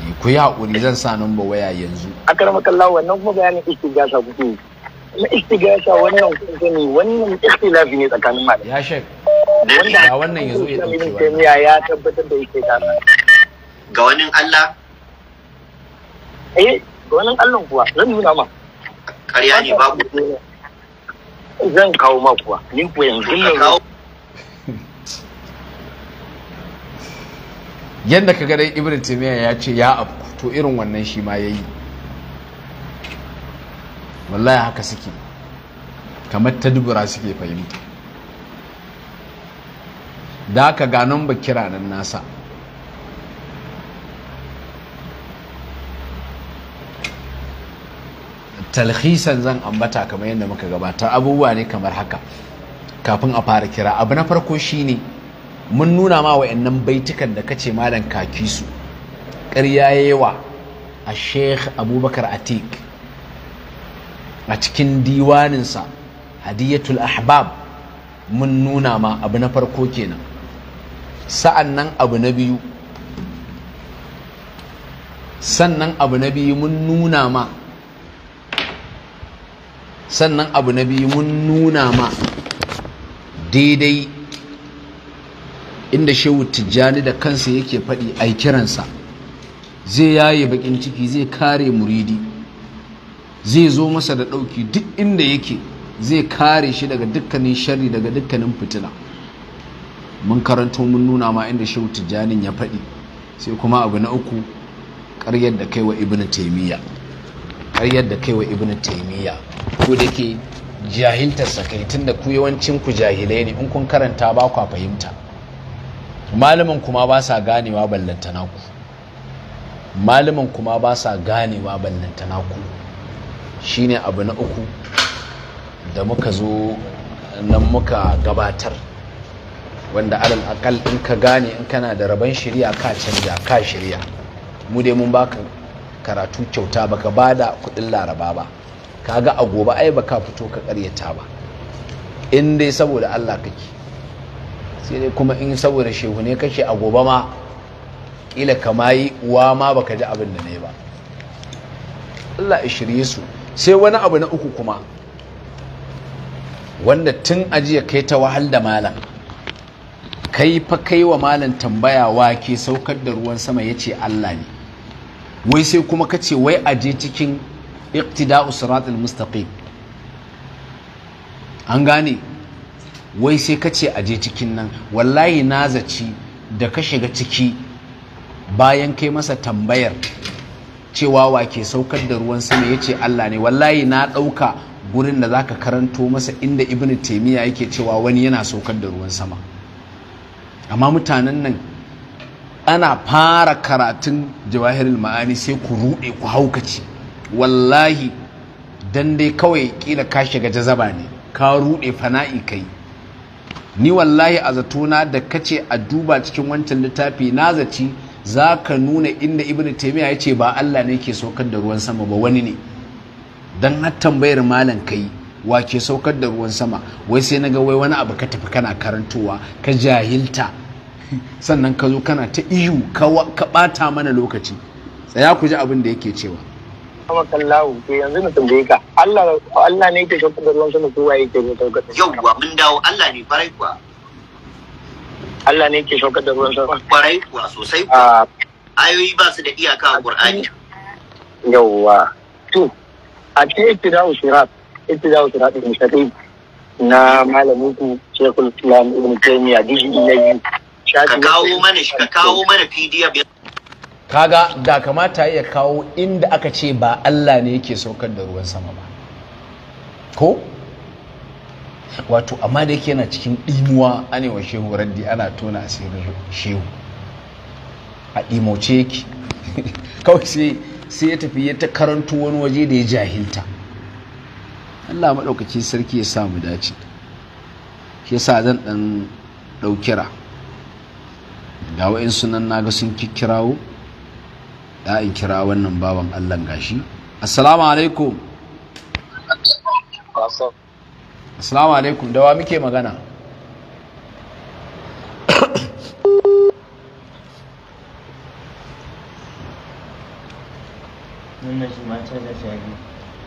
eh, ku ya kuri zan sa number waya yanzu kalla wannan kuma bayanin gasa kuke na istigasa wannan kun sani wannan ikhtilafi ne tsakanin malamai ya shek wanda wannan yazo ya dauke wannan ya tabbatar da yake gana ga wani Allah eh wannan allon kuwa zan nuna ma ƙarya ne babu zan kawo ma kuwa ni ko yanzu ne yadda ka dai Ibrahim taymiya ya ce ya abu to irin wannan shi ma ya yi. wallahi haka suke kamar ta dubura suke fahimta da haka ga nan ba kira nan nasa talhisan zan ambata kamar yadda muka gabata abubuwa ne kamar haka kafin a fara kira abu na farko shine mun nuna ma wa'annan baitukan da kace malam kaki su ƙarya yawa a sheikh abubakar atik a cikin diwaninsa hadiyatul ahbab mun nuna ma abu na farko kenan sa'an nan abu na biyu sannan abu na biyu mun nuna ma sannan abu na biyu mun nuna ma daidai inda shehu tijjani da kansa yake faɗi a yi kiransa zai yaye bakin ciki zai kare muridi zai zo masa da ɗauki duk inda yake zai kare shi daga dukkanin shari daga dukkanin fitina mun karanto mun nuna ma inda shehu tijjanin ya faɗi sai kuma abu na uku karyar da kai wa ibn da kai wa ibn taimiyya ku da ke jahiltar sakai tun da ku yawancin ku jahilai ne in kun karanta ba kwa fahimta malamin kuma ba sa ganewa ballantana ku malamin kuma ba sa ganewa ballantana ku shine abu na uku da muka zo nan muka gabatar wanda alal akal in ka gane in kana da rabon shirya ka canja ka shirya mu dai mun baka karatu kyauta baka bada kudin laraba ba kaga a gobe ai ba ka fito ka karyata ba in dai saboda Allah kake sai dai kuma in saboda shehu ne kake a gobe ma kila kama yi uwa ma baka ji abin da ne ba Allah ya shirye su sai wani abu na uku kuma wanda tun ajiya kai ta wahal da malam kai fa kai wa malam tambaya wa ke saukar da ruwan sama ya ce Allah ne wai sai kuma ka ce wai aje cikin iqtida'u siratal mustaqim an gane wai sai ka ce aje cikin nan wallahi na zaci da ka shiga ciki bayan kai masa tambayar cewa wa ke saukar da ruwan sama ya ce Allah ne wallahi na ɗauka gurin da zaka karanto masa inda Ibn taimiyya yake cewa wani yana saukar da ruwan sama amma mutanen nan ana fara karatun jawahirul ma'ani sai ku ruɗe ku haukace wallahi don dai kawai kila ka shiga jazaba ne ka rude fana'i kai ni wallahi a zato na da kace a duba cikin wancan littafi na zaci za ka nuna inda ibn taimiyya ya ce ba Allah ne ke saukar da ruwan sama ba wani ne don har tambayar malam kai wa ke saukar da ruwan sama wai sai na ga wai wani abu ka tafi kana karantowa ka jahilta sannan ka zo kana ta iyu ka bata mana lokaci tsaya ku ji abin da yake cewa kama kallahu to yanzu mutum bai ka Allah Allah ne yake shauka da ruwan sama ko waye yake ne shauka da wa mun dawo Allah ne farai kuwa Allah ne yake shauka da ruwan sama farai kuwa sosai kuwa ah. ayoyi ba su da iyaka a Qur'ani wa to a ce ittida'u sirat ittida'u sirat mustaqim na malamin ku Sheikhul Islam Ibn Taymiyyah dijin na ka kawo mana shi ka kawo mana PDF kaga da kamata ya kawo inda aka ce ba Allah ne yake saukar da ruwan sama ba ko wato amma da yake yana cikin ɗimuwa anewa shehu raddi ana tona asirin shehu a ɗimoce yake [laughs] kawai sai ya tafi ya ta karanto wani waje da ya jahilta Allah maɗaukaki sarki ya samu dace shi yasa zan ɗan ɗaukira ga wa'in sunan naga sun kikkirawo ya in kira wannan bawan Allah gashi assalamu alaikum assalamu alaikum da wa muke magana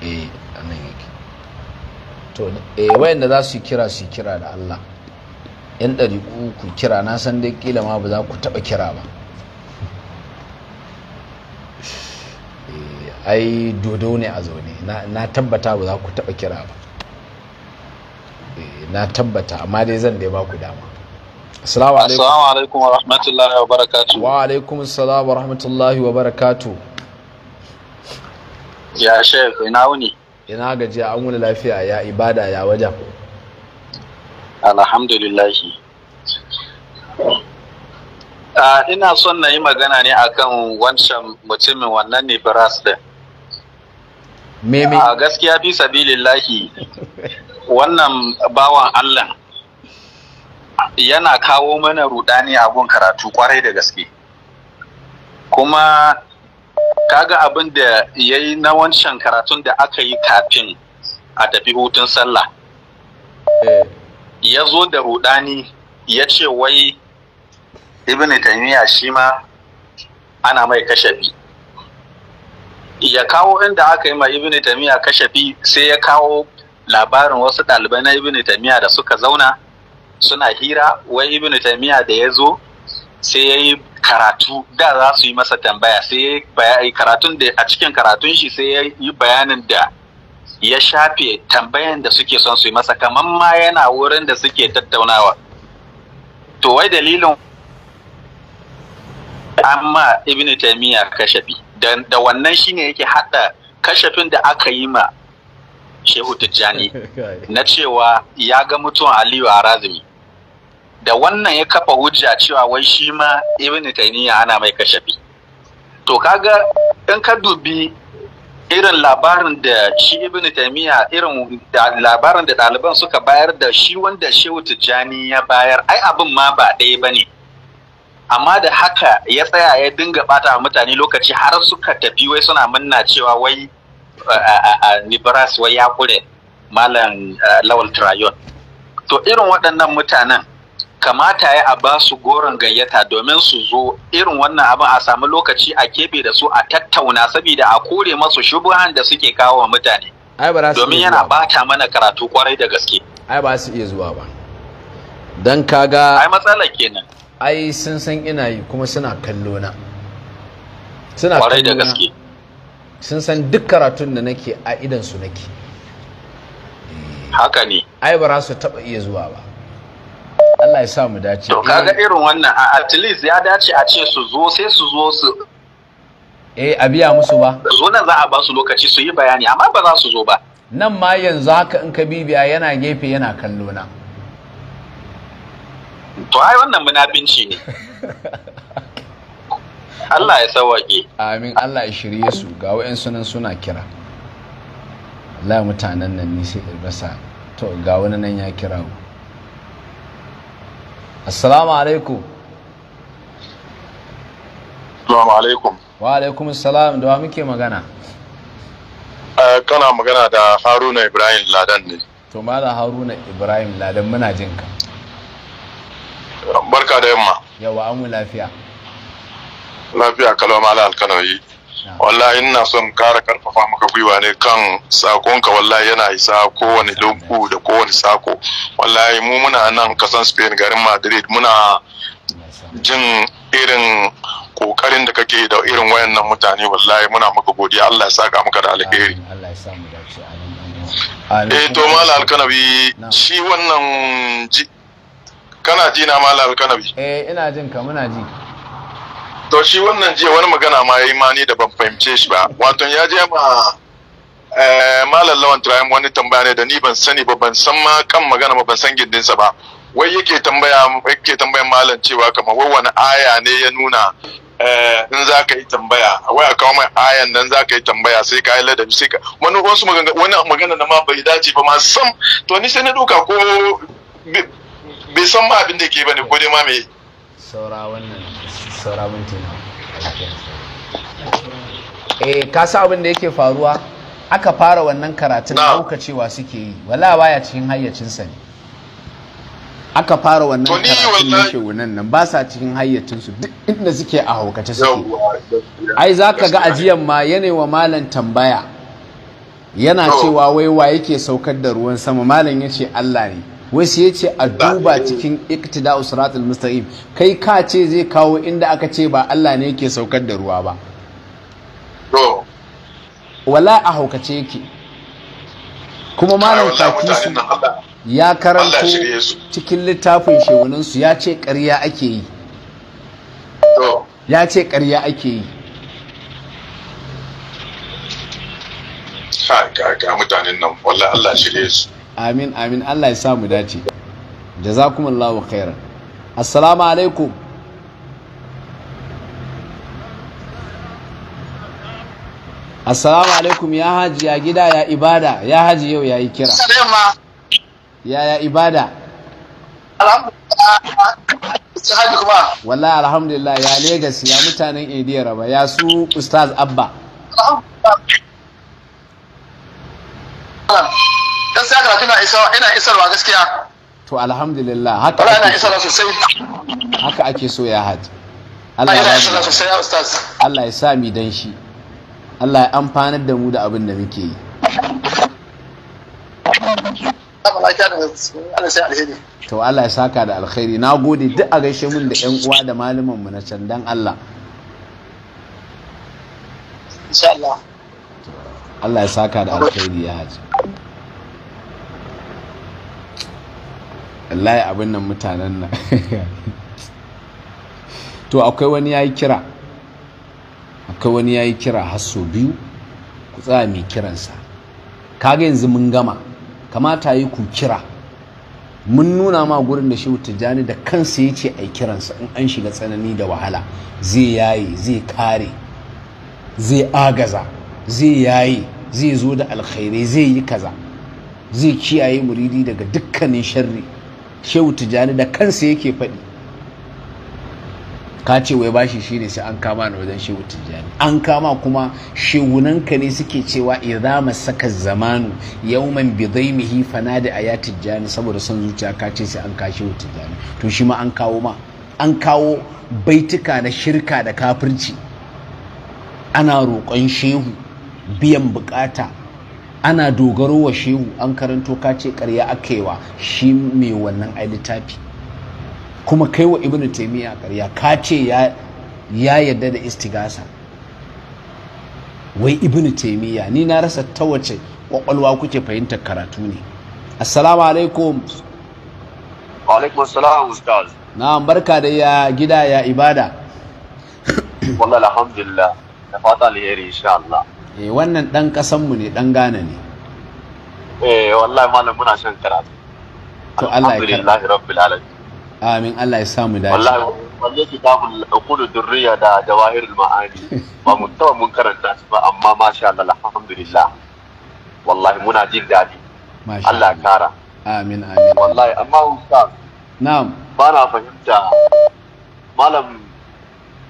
eh annan yake to eh wayanda za su kira su kira da Allah yan ɗari ku kira na san dai kila ma ba za ku taɓa kira ba ai dodo ne a zaune na tabbata ba za ku taɓa kira ba eh, na tabbata amma dai zan dai ba ku dama assalamu alaikum wa rahmatullahi wa barakatu wa alaikum assalamu wa rahmatullahi wa barakatu ya shef ina wuni ina gajiya an wuni lafiya ya ibada ya wajen alhamdulillahi ah, ina son na yi magana ne akan wancan mutumin wannan ne brass din meme a gaskiya bi sabilillahi wannan bawan Allah yana kawo mana rudani abun karatu kwarai da gaske kuma kaga abin da ya yi na wancan karatun da aka yi kafin a tafi hutun sallah eh. ya zo da rudani ya ce wai ibn taymiya shi ma ana mai kashafi ya kawo inda aka yi ma ibn tamiya kashafi sai ya kawo labarin wasu ɗalibai na ibn tamiya da suka zauna suna hira wai ibn tamiya da ya zo sai ya yi karatu da za su yi masa tambaya sai ya yi karatun da a cikin karatun shi sai ya yi bayanin da ya shafe tambayan da suke son su yi masa kamar ma yana wurin da suke tattaunawa to wai dalilin amma ibn taymiya kashafi da wannan shine yake hada kashafin da aka yi ma shehu tijjani [laughs] na cewa ya ga mutum aliyu a razumi da wannan ya kafa hujja cewa wai shi ma ibn ana mai kashafi to kaga in ka dubi irin labarin da shi ibn irin labarin da ɗaliban suka bayar da shi wanda shehu tijjani ya bayar ai abin ma ba ɗaya bane amma da haka ya tsaya ya dinga bata mutane lokaci har suka tafi wai suna manna cewa wai nibras wai ya kure malam lawal trayon to irin waɗannan mutanen kamata ya a ba su goron gayyata domin su zo irin wannan abin a samu lokaci a kebe da su a tattauna saboda a kore masu shubuhan da suke kawo wa mutane domin yana bata mana karatu kwarai da gaske ai ba su iya zuwa ba don kaga ai matsalar kenan ai sun san ina yi kuma suna kallo na suna kallo da gaske sun san duk karatun da nake a idan su nake eh. haka ne ai ba za su taba iya zuwa ba Allah ya sa mu dace to kaga eh. irin wannan at least ya dace a ce su zo sai su zo su eh a biya musu ba zo nan za a ba su lokaci su yi bayani amma ba za su zo ba nan ma yanzu haka in ka bibiya yana gefe yana kallo na to ai wannan munafinci ne Allah ya sawwaƙe amin Allah ya shirye su ga wayan sunan suna kira Allah mutanen nan ni sai rasa to ga wani nan ya kira mu assalamu alaikum assalamu alaikum wa alaikum assalam da muke magana ah, kana magana da haruna ibrahim ladan ne to mala haruna ibrahim ladan muna jin ka barka da yamma yawa an mu lafiya lafiya kalau mala alkanawi wallahi ina son kara karfafa maka gwiwa ne kan sakonka wallahi yana isa kowane lungu da kowane sako wallahi mu muna nan kasan spain garin madrid muna jin irin kokarin da kake da irin wayannan mutane wallahi muna maka godiya Allah ya saka maka da alheri eh to mala alkanabi shi wannan kana ji na malal bi? eh ina jin ka muna ji to shi wannan jiya wani magana ma yayi mani da ban fahimce shi ba wato ya je ma eh malal lawan turayen wani tambaya ne da ni ban sani ba ban san ma kan magana ba ban san gindin sa ba wai yake tambaya yake tambayan malam cewa kamar wai wani aya ne ya nuna eh, in za ka yi tambaya wai a kawo mai ayan nan za ka yi tambaya sai ka yi ladabi sai ka wani wasu magana na ma bai dace ba ma sam to ni sai na duka ko bai san ma abin da ke bane ko dai ma me saura wannan saura minti na eh ka sa abin da yake faruwa aka fara wannan karatun da cewa suke yi wala baya cikin hayyacinsa ne aka fara wannan karatun yake wannan nan ba sa cikin hayyacinsu duk inda suke a haukace suke ai za ga ajiyan ma wa malam tambaya yana cewa wai wa yake saukar da ruwan sama malam ya ce allah ne wasu ya ce a duba cikin iktida usratul mustaqim kai ka ce zai kawo inda aka ce ba Allah ne yake saukar da ruwa ba wala a haukace yake kuma malam kakisu ya karanto cikin littafin su ya ce ƙarya ake yi ya ce ƙarya ake yi ga mutanen nan wallahi Allah shirye su amin amin Allah ya samu dace jazakumullahu khairan assalamu alaikum assalamu alaikum ya haji ya gida ya ibada ya haji yau ya yi kira ya ya ibada wallah alhamdulillah ya legas ya mutanen ediya raba ya su ustaz abba Don gaskiya karatu na isa ina isarwa gaskiya to alhamdulillah haka ake ina isarwa sosai haka ake so ya haji Allah ya isarwa sosai ya ustaz Allah ya sa mi dan shi Allah ya amfanar da mu da abin da muke yi to Allah ya saka da alkhairi na gode duk a gaishe mun da yan uwa da malaman mu na can dan Allah Allah ya saka da alkhairi ya haji wallahi abin nan mutanen nan [laughs] to akwai wani ya yi kira akwai wani ya yi kira biyu ku tsaya mai kiransa kaga yanzu mun gama kamata yi ku kira mun nuna ma gurin da shehu tijjani da kansa ya ce yi kiransa in an shiga tsanani da wahala zai yaye zai kare zai agaza zai yaye zai zo da alkhairai zai yi kaza zai kiyaye muridi daga dukkanin sharri shehu tijjani da kansa yake faɗi ka ce wai bashi shi ne sai an kama na wajen shehu tijjani an kama kuma shehunanka ne suke cewa idza masaka zamanu yawman bidaimihi fanadi aya tijjani saboda son zuciya ka ce sai an ka shehu tijjani to shi ma an kawo ma an kawo baituka na shirka da kafirci ana roƙon shehu biyan bukata ana dogaro wa shehu an karanto ka ce karya aka wa shi mai wannan ai littafi kuma kai wa ibnu taimiyya karya ka ce ya yarda da istigasa wai ibnu taimiyya ni na rasa ta wace kwakwalwa kuke fahimtar karatu ne assalamu alaikum alaikum assalam ustaz na barka da ya gida ya ibada wallahi alhamdulillah da fata alheri insha Allah eh wannan dan kasanmu ne dan Ghana ne eh wallahi malam muna son karatu to Allah ya karbi rabbil alamin amin Allah ya samu dace wallahi wallahi kitabul uqulu durriya da jawahirul ma'ani ba mu taba mun karanta su ba amma masha Allah alhamdulillah wallahi muna jin dadi Allah ya kara amin amin wallahi amma ustaz na'am ba na fahimta malam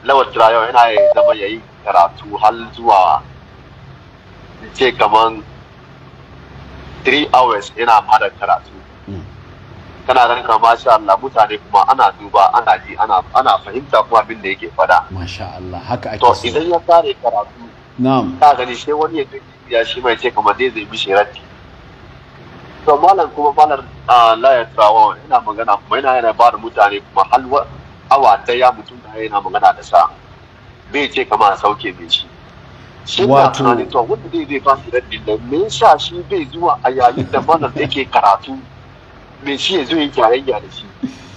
lawal tirayo yana zama yayi karatu har zuwa ce kaman 3 hours ina bada karatu kana ran ka masha Allah mutane kuma ana duba ana ji ana ana fahimta kuma abin da yake fada masha Allah haka ake to idan ya fara karatu na'am ka gani sai wani ya ya shi mai ce kamar dai zai mishi rati to malam kuma malam Allah ya trawo ina magana kuma ina yana ba da mutane kuma halwa awa daya mutum da yana magana da sa bai ce kamar sauke mai shi suna tunanin to wanda zai zai ba su nan me yasa shi bai zuwa a yayin da malam yake karatu me shi ya zo ya jayayya da shi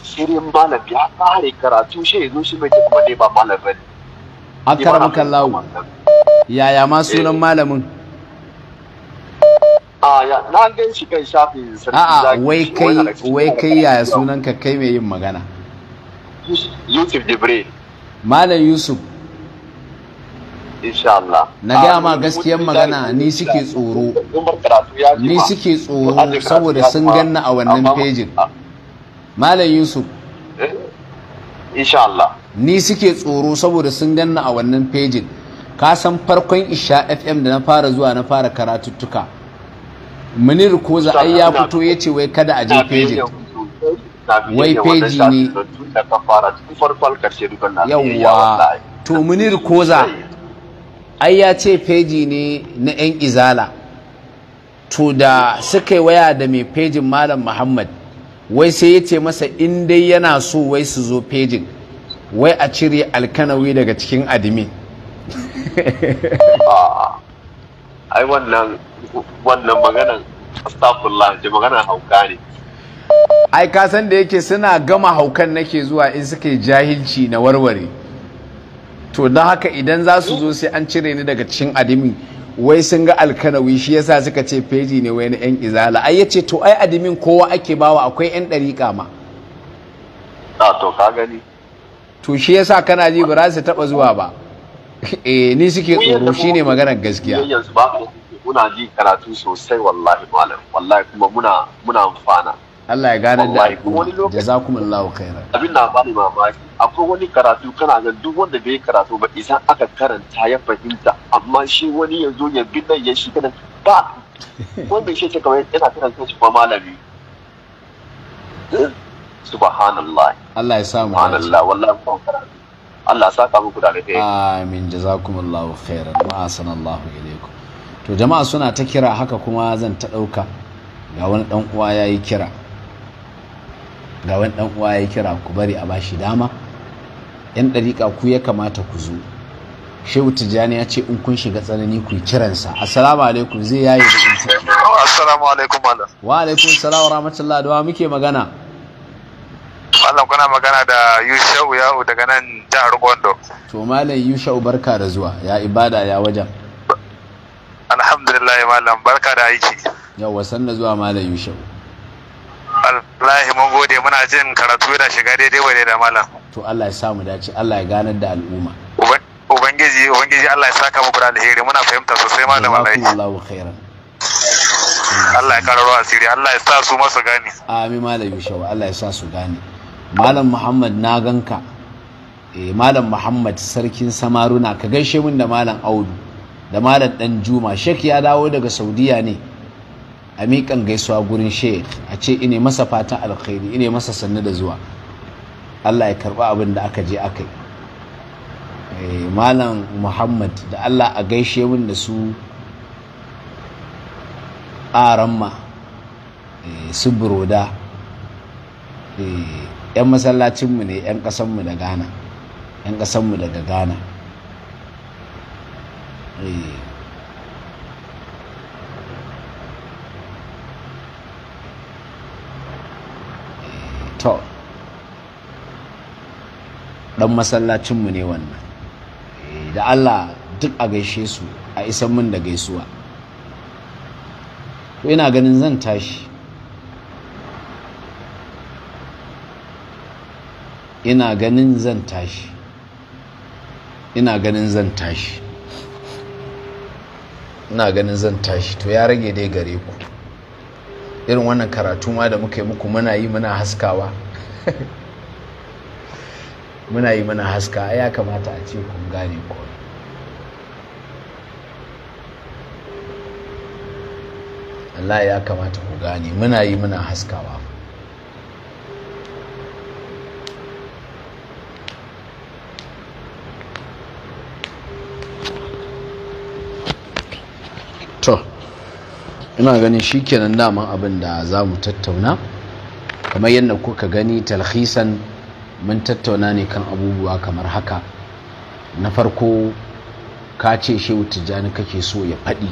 shirin malam ya fare karatu shi ya zo shi mai kuma ne ba malam bane akaram lawo. yaya ma eh. sunan malamin Aya, na gan shi kan shafin sarki A'a, wai kai wai kai yaya sunan ka kai mai yin magana Yusuf Jibril Malam Yusuf insha Allah na gaya ah, ma gaskiyar magana ni suke tsoro ah. eh? ni suke tsoro saboda sun ganna a wannan fejin malam yusuf insha Allah ni suke tsoro saboda sun ganna a wannan fejin ka san farkon isha fm da na fara zuwa na fara karatuttuka munir ko za ai ya fito ya ce wai kada a je fejin wai feji ne yauwa eh, to munir koza ai ya ce feji ne na 'yan izala to da suka yi waya da mai fejin malam muhammad wai sai ya ce masa in dai yana so wai su zo fejin wai a cire alkanawi daga cikin adimi [laughs] ai wannan wannan maganan astagfirullah ji maganan hauka ne ai kasan da yake suna gama haukan nake zuwa in suka jahilci na warware to don haka idan za su zo sai an cire ni daga cikin adimi wai sun ga alkanawi shi yasa suka ce feji ne wani yan izala ai yace to ai adimin kowa ake bawa akwai yan dariƙa ma a to ka gani to shi yasa kana ji ba za su taba zuwa ba [laughs] eh ni suke tsoro shine maganar gaskiya yanzu ba muna ji karatu sosai wallahi malam wallahi kuma muna muna amfana Allah ya gane da jazakumullahu khairan abin na mamaki akwai wani karatu kana ga duk wanda bai karatu ba idan aka karanta ya fahimta amma shi wani ya zo ya bi nan ya shi kana ba [laughs] wanda shi ce kamar yana karanta shi kuma malami subhanallah Allah ya samu subhanallah wallahi ban karatu Allah saka muku da alheri amin jazakumullahu khairan wa asanallahu ilaikum to jama'a suna ta kira haka kuma zan ta dauka ga wani dan uwa yayi kira ga wani dan uwa ya kira ku bari a bashi dama 'yan ɗariƙa ku ya kamata ku zo shehu tijjani ya ce in kun shiga tsanani ku kiransa assalamu alaikum zai yayi da ciki assalamu alaikum malam wa alaikum salam wa rahmatullahi da wa muke magana malam kuna magana da yushau yahu daga nan jihar gondo to malam yushau barka da zuwa ya ibada ya wajen alhamdulillah malam barka da aiki yawa sanna zuwa malam yushau wallahi mun gode muna jin karatu da shiga daidai wa da malam to Allah ya sa mu dace Allah ya ganar da al'umma ubangiji ubangiji Allah ya saka mu da alheri muna fahimta sosai malam wallahi Allahu khairan Allah ya karo asiri Allah ya sa su masu gane amin malam Yushawa Allah ya sa su gane malam Muhammad na ganka eh malam Muhammad sarkin Samaruna ka gaishe min da malam Audu da malam Dan Juma shek ya dawo daga Saudiya ne a miƙan gaisuwa gurin sheikh a ce ine masa fatan alkhairi ine masa sannu da zuwa Allah ya karba abin da aka je aka yi eh, malam muhammad da Allah a gaishe min da su aramma eh, su buroda yan eh, masallacinmu ne yan ƙasanmu da ghana yan ƙasanmu daga ghana dan masallacinmu ne wannan eh, da Allah duk a gaishe su a isan mun da gaisuwa to ina ganin zan tashi ina ganin zan tashi ina ganin zan tashi ina ganin zan tashi to ya rage dai gare ku irin wannan karatu ma da muka yi muku muna yi muna haskawa [laughs] muna yi mana haska ya kamata a ce kun gane ko Allah ya kamata ku gane muna yi muna haskawa to ina ganin shikenan daman abin da za mu tattauna kamar yadda kuka gani talhisan mun tattauna ne kan abubuwa kamar haka na farko ka ce shehu tijjani kake so ya faɗi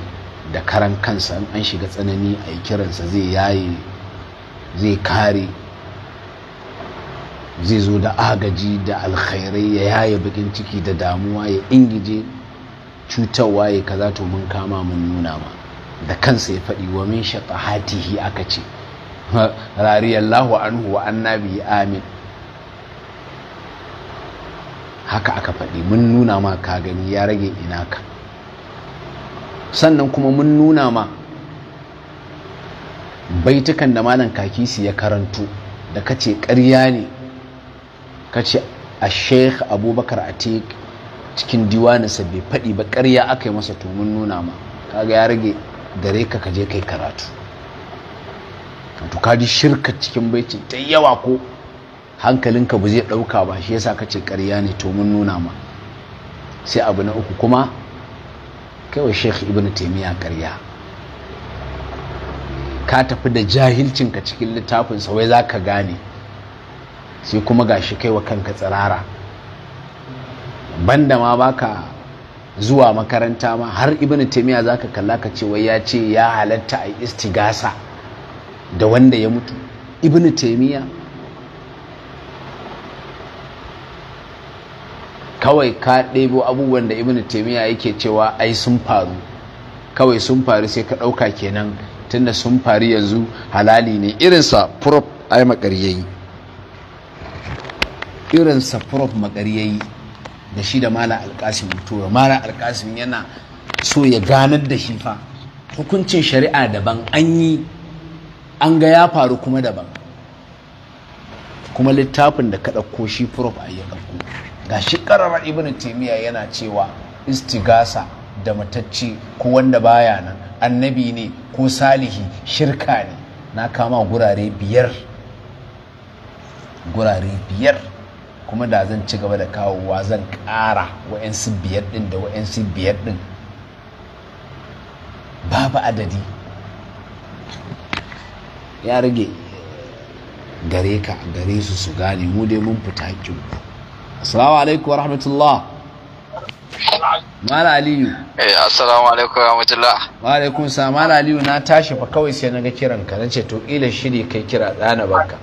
da karan kansa in an shiga tsanani a yi kiransa zai yaye zai kare zai zo da agaji da alkhairai ya yaye bakin ciki da damuwa ya ingije cutarwa ya kaza to mun kama mun nuna ma da kansa ya faɗi wa min hatihi aka ce [laughs] rariyallahu anhu wa annabi amin haka aka faɗi mun nuna ma ka gani ya rage ina ka sannan kuma mun nuna ma baitukan da malam kakisi ya karanto da kace ƙarya ne kace a sheikh abubakar te cikin diwaninsa bai faɗi ba karya aka yi masa to mun nuna ma kaga ya rage dare ka kaje kai karatu to kaji shirka cikin baitin ta yawa ko hankalinka ba zai ɗauka ba shi yasa ka ce ƙarya ne to mun nuna ma sai abu na uku kuma kaiwa sheikh ibn taimiyya ƙarya ka tafi da jahilcinka cikin littafin wai za ka gane sai kuma ga shi kaiwa kanka tsirara banda ma baka zuwa makaranta ma har ibn taimiyya za ka kalla ka ce wai ya ce ya halatta a istigasa da wanda ya mutu ibn taimiyya kawai ka ɗebo abubuwan da ibn taimiyya yake cewa ai sun faru kawai sun faru sai ka ɗauka kenan tunda sun faru yanzu halali ne irinsa prof ai makaryayi irinsa prof makaryayi da shi da mala alkasim tura mala alkasim yana so ya ganar da shi fa hukuncin shari'a daban an yi an ga ya faru kuma daban kuma littafin da ka ɗauko shi prof a yi ɗauko ga shi ƙararra ibn taimiyya yana cewa istigasa da matacce ko wanda baya nan annabi ne ko salihi shirka ne na kama gurare biyar gurare biyar kuma da zan ci gaba da kawowa zan ƙara wa'yansu biyar ɗin da wa'yansu biyar ɗin babu adadi ya rage gare ka gare su su gane mu dai mun fita hakinku assalamu alaikum wa rahmatullah mala aliyu eh assalamu alaikum wa rahmatullah wa alaikum salam mala aliyu na tashi fa kawai sai naga kiran ka nace to ila shiri kai kira dana baka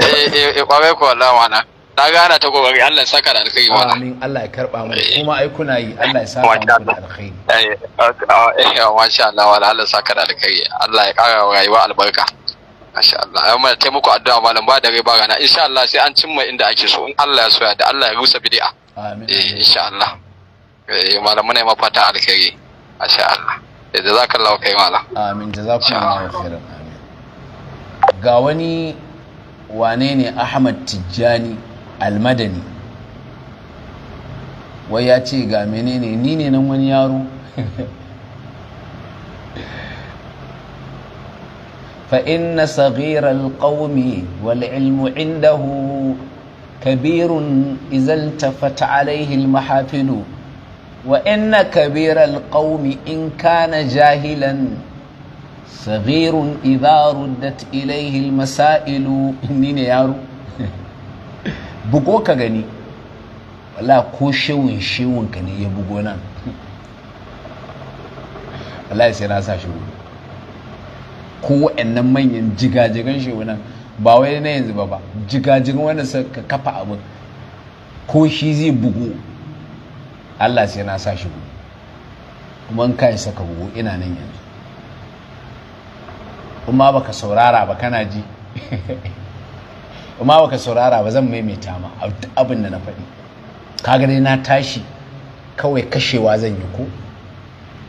eh eh, eh kwabe ko Allah wana na gana ta gobe Allah saka da alkhairi wala amin Allah ya karba mu kuma ai kuna yi Allah ya saka mu da alkhairi eh, eh, eh masha Allah wala Allah saka da alkhairi Allah ya kara rayuwa albarka Asha Allah, ai mana taimako addu'a malam ba da rai ba rana. Insha Allah sai an cimma inda ake so. In Allah ya so ya da Allah ya rusa bid'a. Amin. Eh insha Allah. Eh malam muna ma fata alkhairi. Asha Allah. Eh jazakallahu khairan malam. Amin jazakallahu khairan. Amin. Ga wani wane ne Ahmad Tijjani Almadani. Wai ya ce ga menene ni ne nan wani yaro. [laughs] فإن صغير القوم والعلم عنده كبير إذا التفت عليه المحافل وإن كبير القوم إن كان جاهلا صغير إذا ردت إليه المسائل نين يارو بقوك غني ولا كوشون شون كني يبقونا الله يسير أسا ko waɗannan manyan jigajigan shehunan ba wai na yanzu ba ba jigajigan wanda suka kafa abin ko shi zai bugu Allah sai na sa shi bugu kuma in kai saka bugu ina nan yanzu kuma baka saurara ba kana ji [laughs] kuma baka saurara ba zan maimaita ma abin da na faɗi kaga dai na tashi kawai kashewa zan yi ko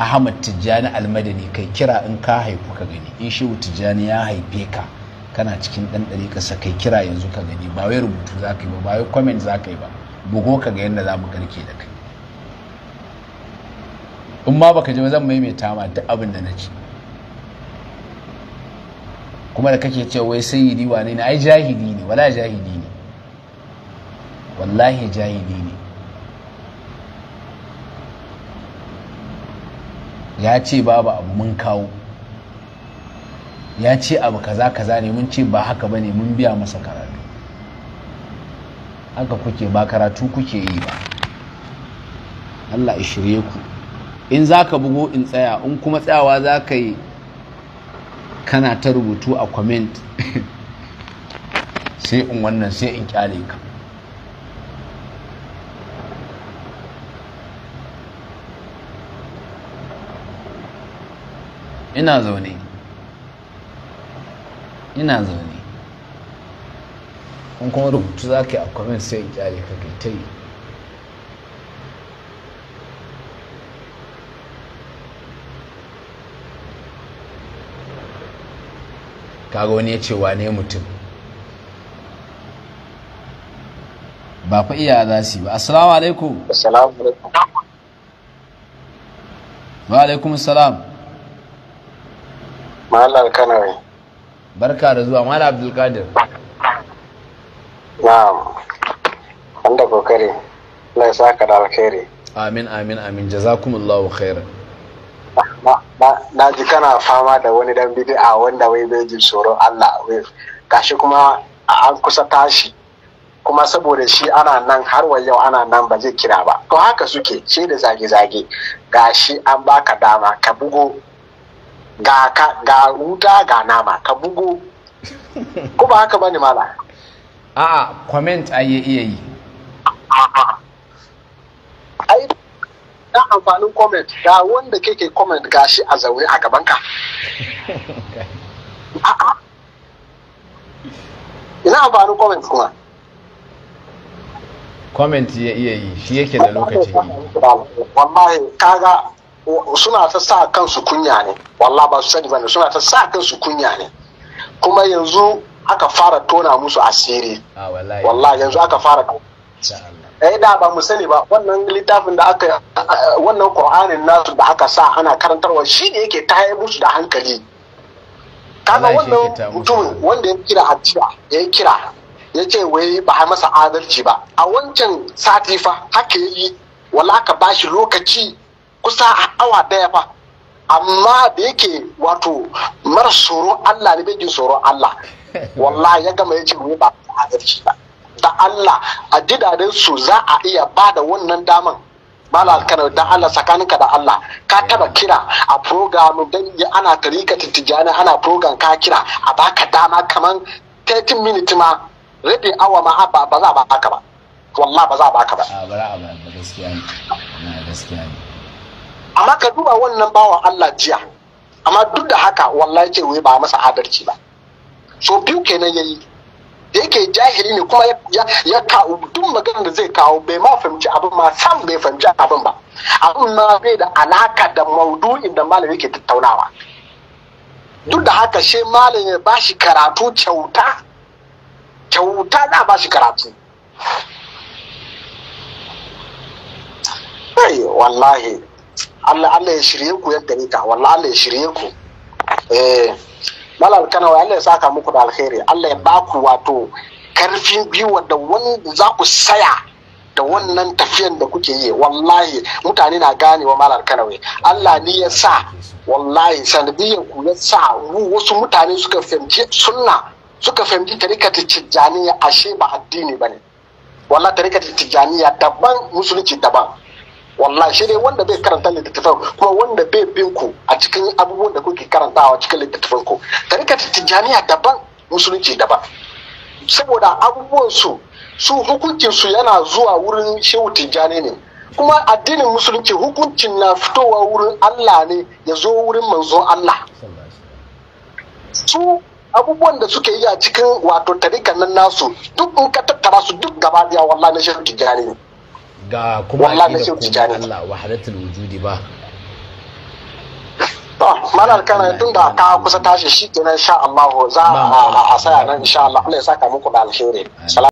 ahmad tijjani almadani kai kira in ka haifu ka gani in shehu tijjani ya haife ka kana cikin dare ka ƙasa kai kira yanzu ka gani ba wai rubutu za ka yi ba ba wai comment za ka yi ba bugo ka ga yadda za mu garke da kai in ma baka je zan maimaita ma duk abin da na ci kuma da kake cewa wai sayyidi wane ne ai jahili ne wala jahili ne wallahi jahili ne ya ce babu abu mun kawo ya ce abu kaza kaza ne mun ce ba haka ba ne mun biya masa karatu haka kuke ba karatu kuke yi ba Allah ya shirye ku in za ka bugo in tsaya in kuma tsayawa za ka yi kana ta rubutu a comment [laughs] sai in wannan sai in kyale ka ina zaune ina zaune kun kuma rubutu za ka yi a comment sai in kyale ka kai ta yi kaga wani ya ce wane mutum ba fa iya za su yi ba assalamu alaikum assalamu alaikum wa alaikum assalam Malam Kanawi. Barka da zuwa Malam Abdulkadir. Na'am. Wanda kokari. Allah ya saka da alkhairi. Amin amin amin jazakumullahu khairan. Na ji kana fama da wani dan bid'a wanda wai bai ji tsoron Allah wai gashi kuma an kusa tashi kuma saboda shi ana nan har wa yau ana nan ba zai kira ba to haka suke shi da zage-zage gashi an baka dama ka bugo ga ka ga wuta ga nama ka bugo ko ba haka bane mala a'a comment a iya yi ai na amfanin comment ga wanda kake comment gashi a zaure a gaban ka [laughs] ina amfanin comment kuma comment ya iya yi shi yake da lokaci. wallahi kaga suna ta sa kansu kunya ne wallah ba su sani ne? suna ta sa kansu kunya ne kuma yanzu aka fara tona musu asiri ah, wallah yanzu aka fara eh da ba mu sani ba wannan littafin da aka wannan qur'anin nasu da aka sa ana karantarwa shi ne yake taye musu da hankali kana wannan mutum wanda ya kira ajiya ya kira ya ce wai ba a masa adalci ba a wancan sati fa haka ya yi wala ka bashi lokaci kusa a awa daya fa amma da yake wato mara tsoron Allah ne bai tsoron Allah [laughs] wallahi ya gama ya ce wai ba a adalci ba da Allah a didadin su za a iya ba da wannan daman mala kana da Allah tsakaninka da Allah ka taba kira a program dan ana tarika tijjani ana program ka kira a baka dama kamar 30 minutes ma rabi awa ma ba za ba haka ba wallahi ba za ba baka ba ba gaskiya ne gaskiya ne amma ka duba wannan bawan Allah jiya amma duk da haka wallahi ce wai ba masa adalci ba so biyu kenan yayi da yake jahili ne kuma ya kawo duk maganar da zai kawo bai ma fahimci abin ma sam bai fahimci abin ba abin ma bai da alaka da maudu'in da malami yake tattaunawa duk da haka she malam ya ba shi karatu kyauta kyauta da ba shi karatu wallahi Allah Allah ya shirye ku yadda ka wallahi Allah ya shirye ku eh malal kanawa Allah ya saka muku da alkhairi Allah ya ba ku wato karfin biyu da wanda za ku saya da wannan tafiyan da kuke yi wallahi mutane na gane wa kana kanawe Allah ni ya sa wallahi sanadiyan ku ya sa wasu mutane suka fahimci sunna suka fahimci tarikatar tijaniya ashe ba addini bane wallahi tarikatar tijaniya daban musulunci daban wallahi shi ne wanda bai karanta littattafan kuma wanda bai bin ku a cikin abubuwan da kuke a cikin littattafan ku tarika tijaniya daban musulunci daban saboda abubuwan su su hukuncin su yana zuwa wurin shehu tijjani ne kuma addinin musulunci hukuncin na fitowa wurin Allah ne ya zo wurin manzo Allah su abubuwan da suke yi a cikin wato tarikan nan nasu duk in ka tattara su duk gaba daya wallahi na shehu tijjani ne ga kuma na Allah wahadatul wujudi ba to malar kana tun da ka kusa tashi shi kenan insha Allah za a saya nan insha Allah Allah ya saka muku da alheri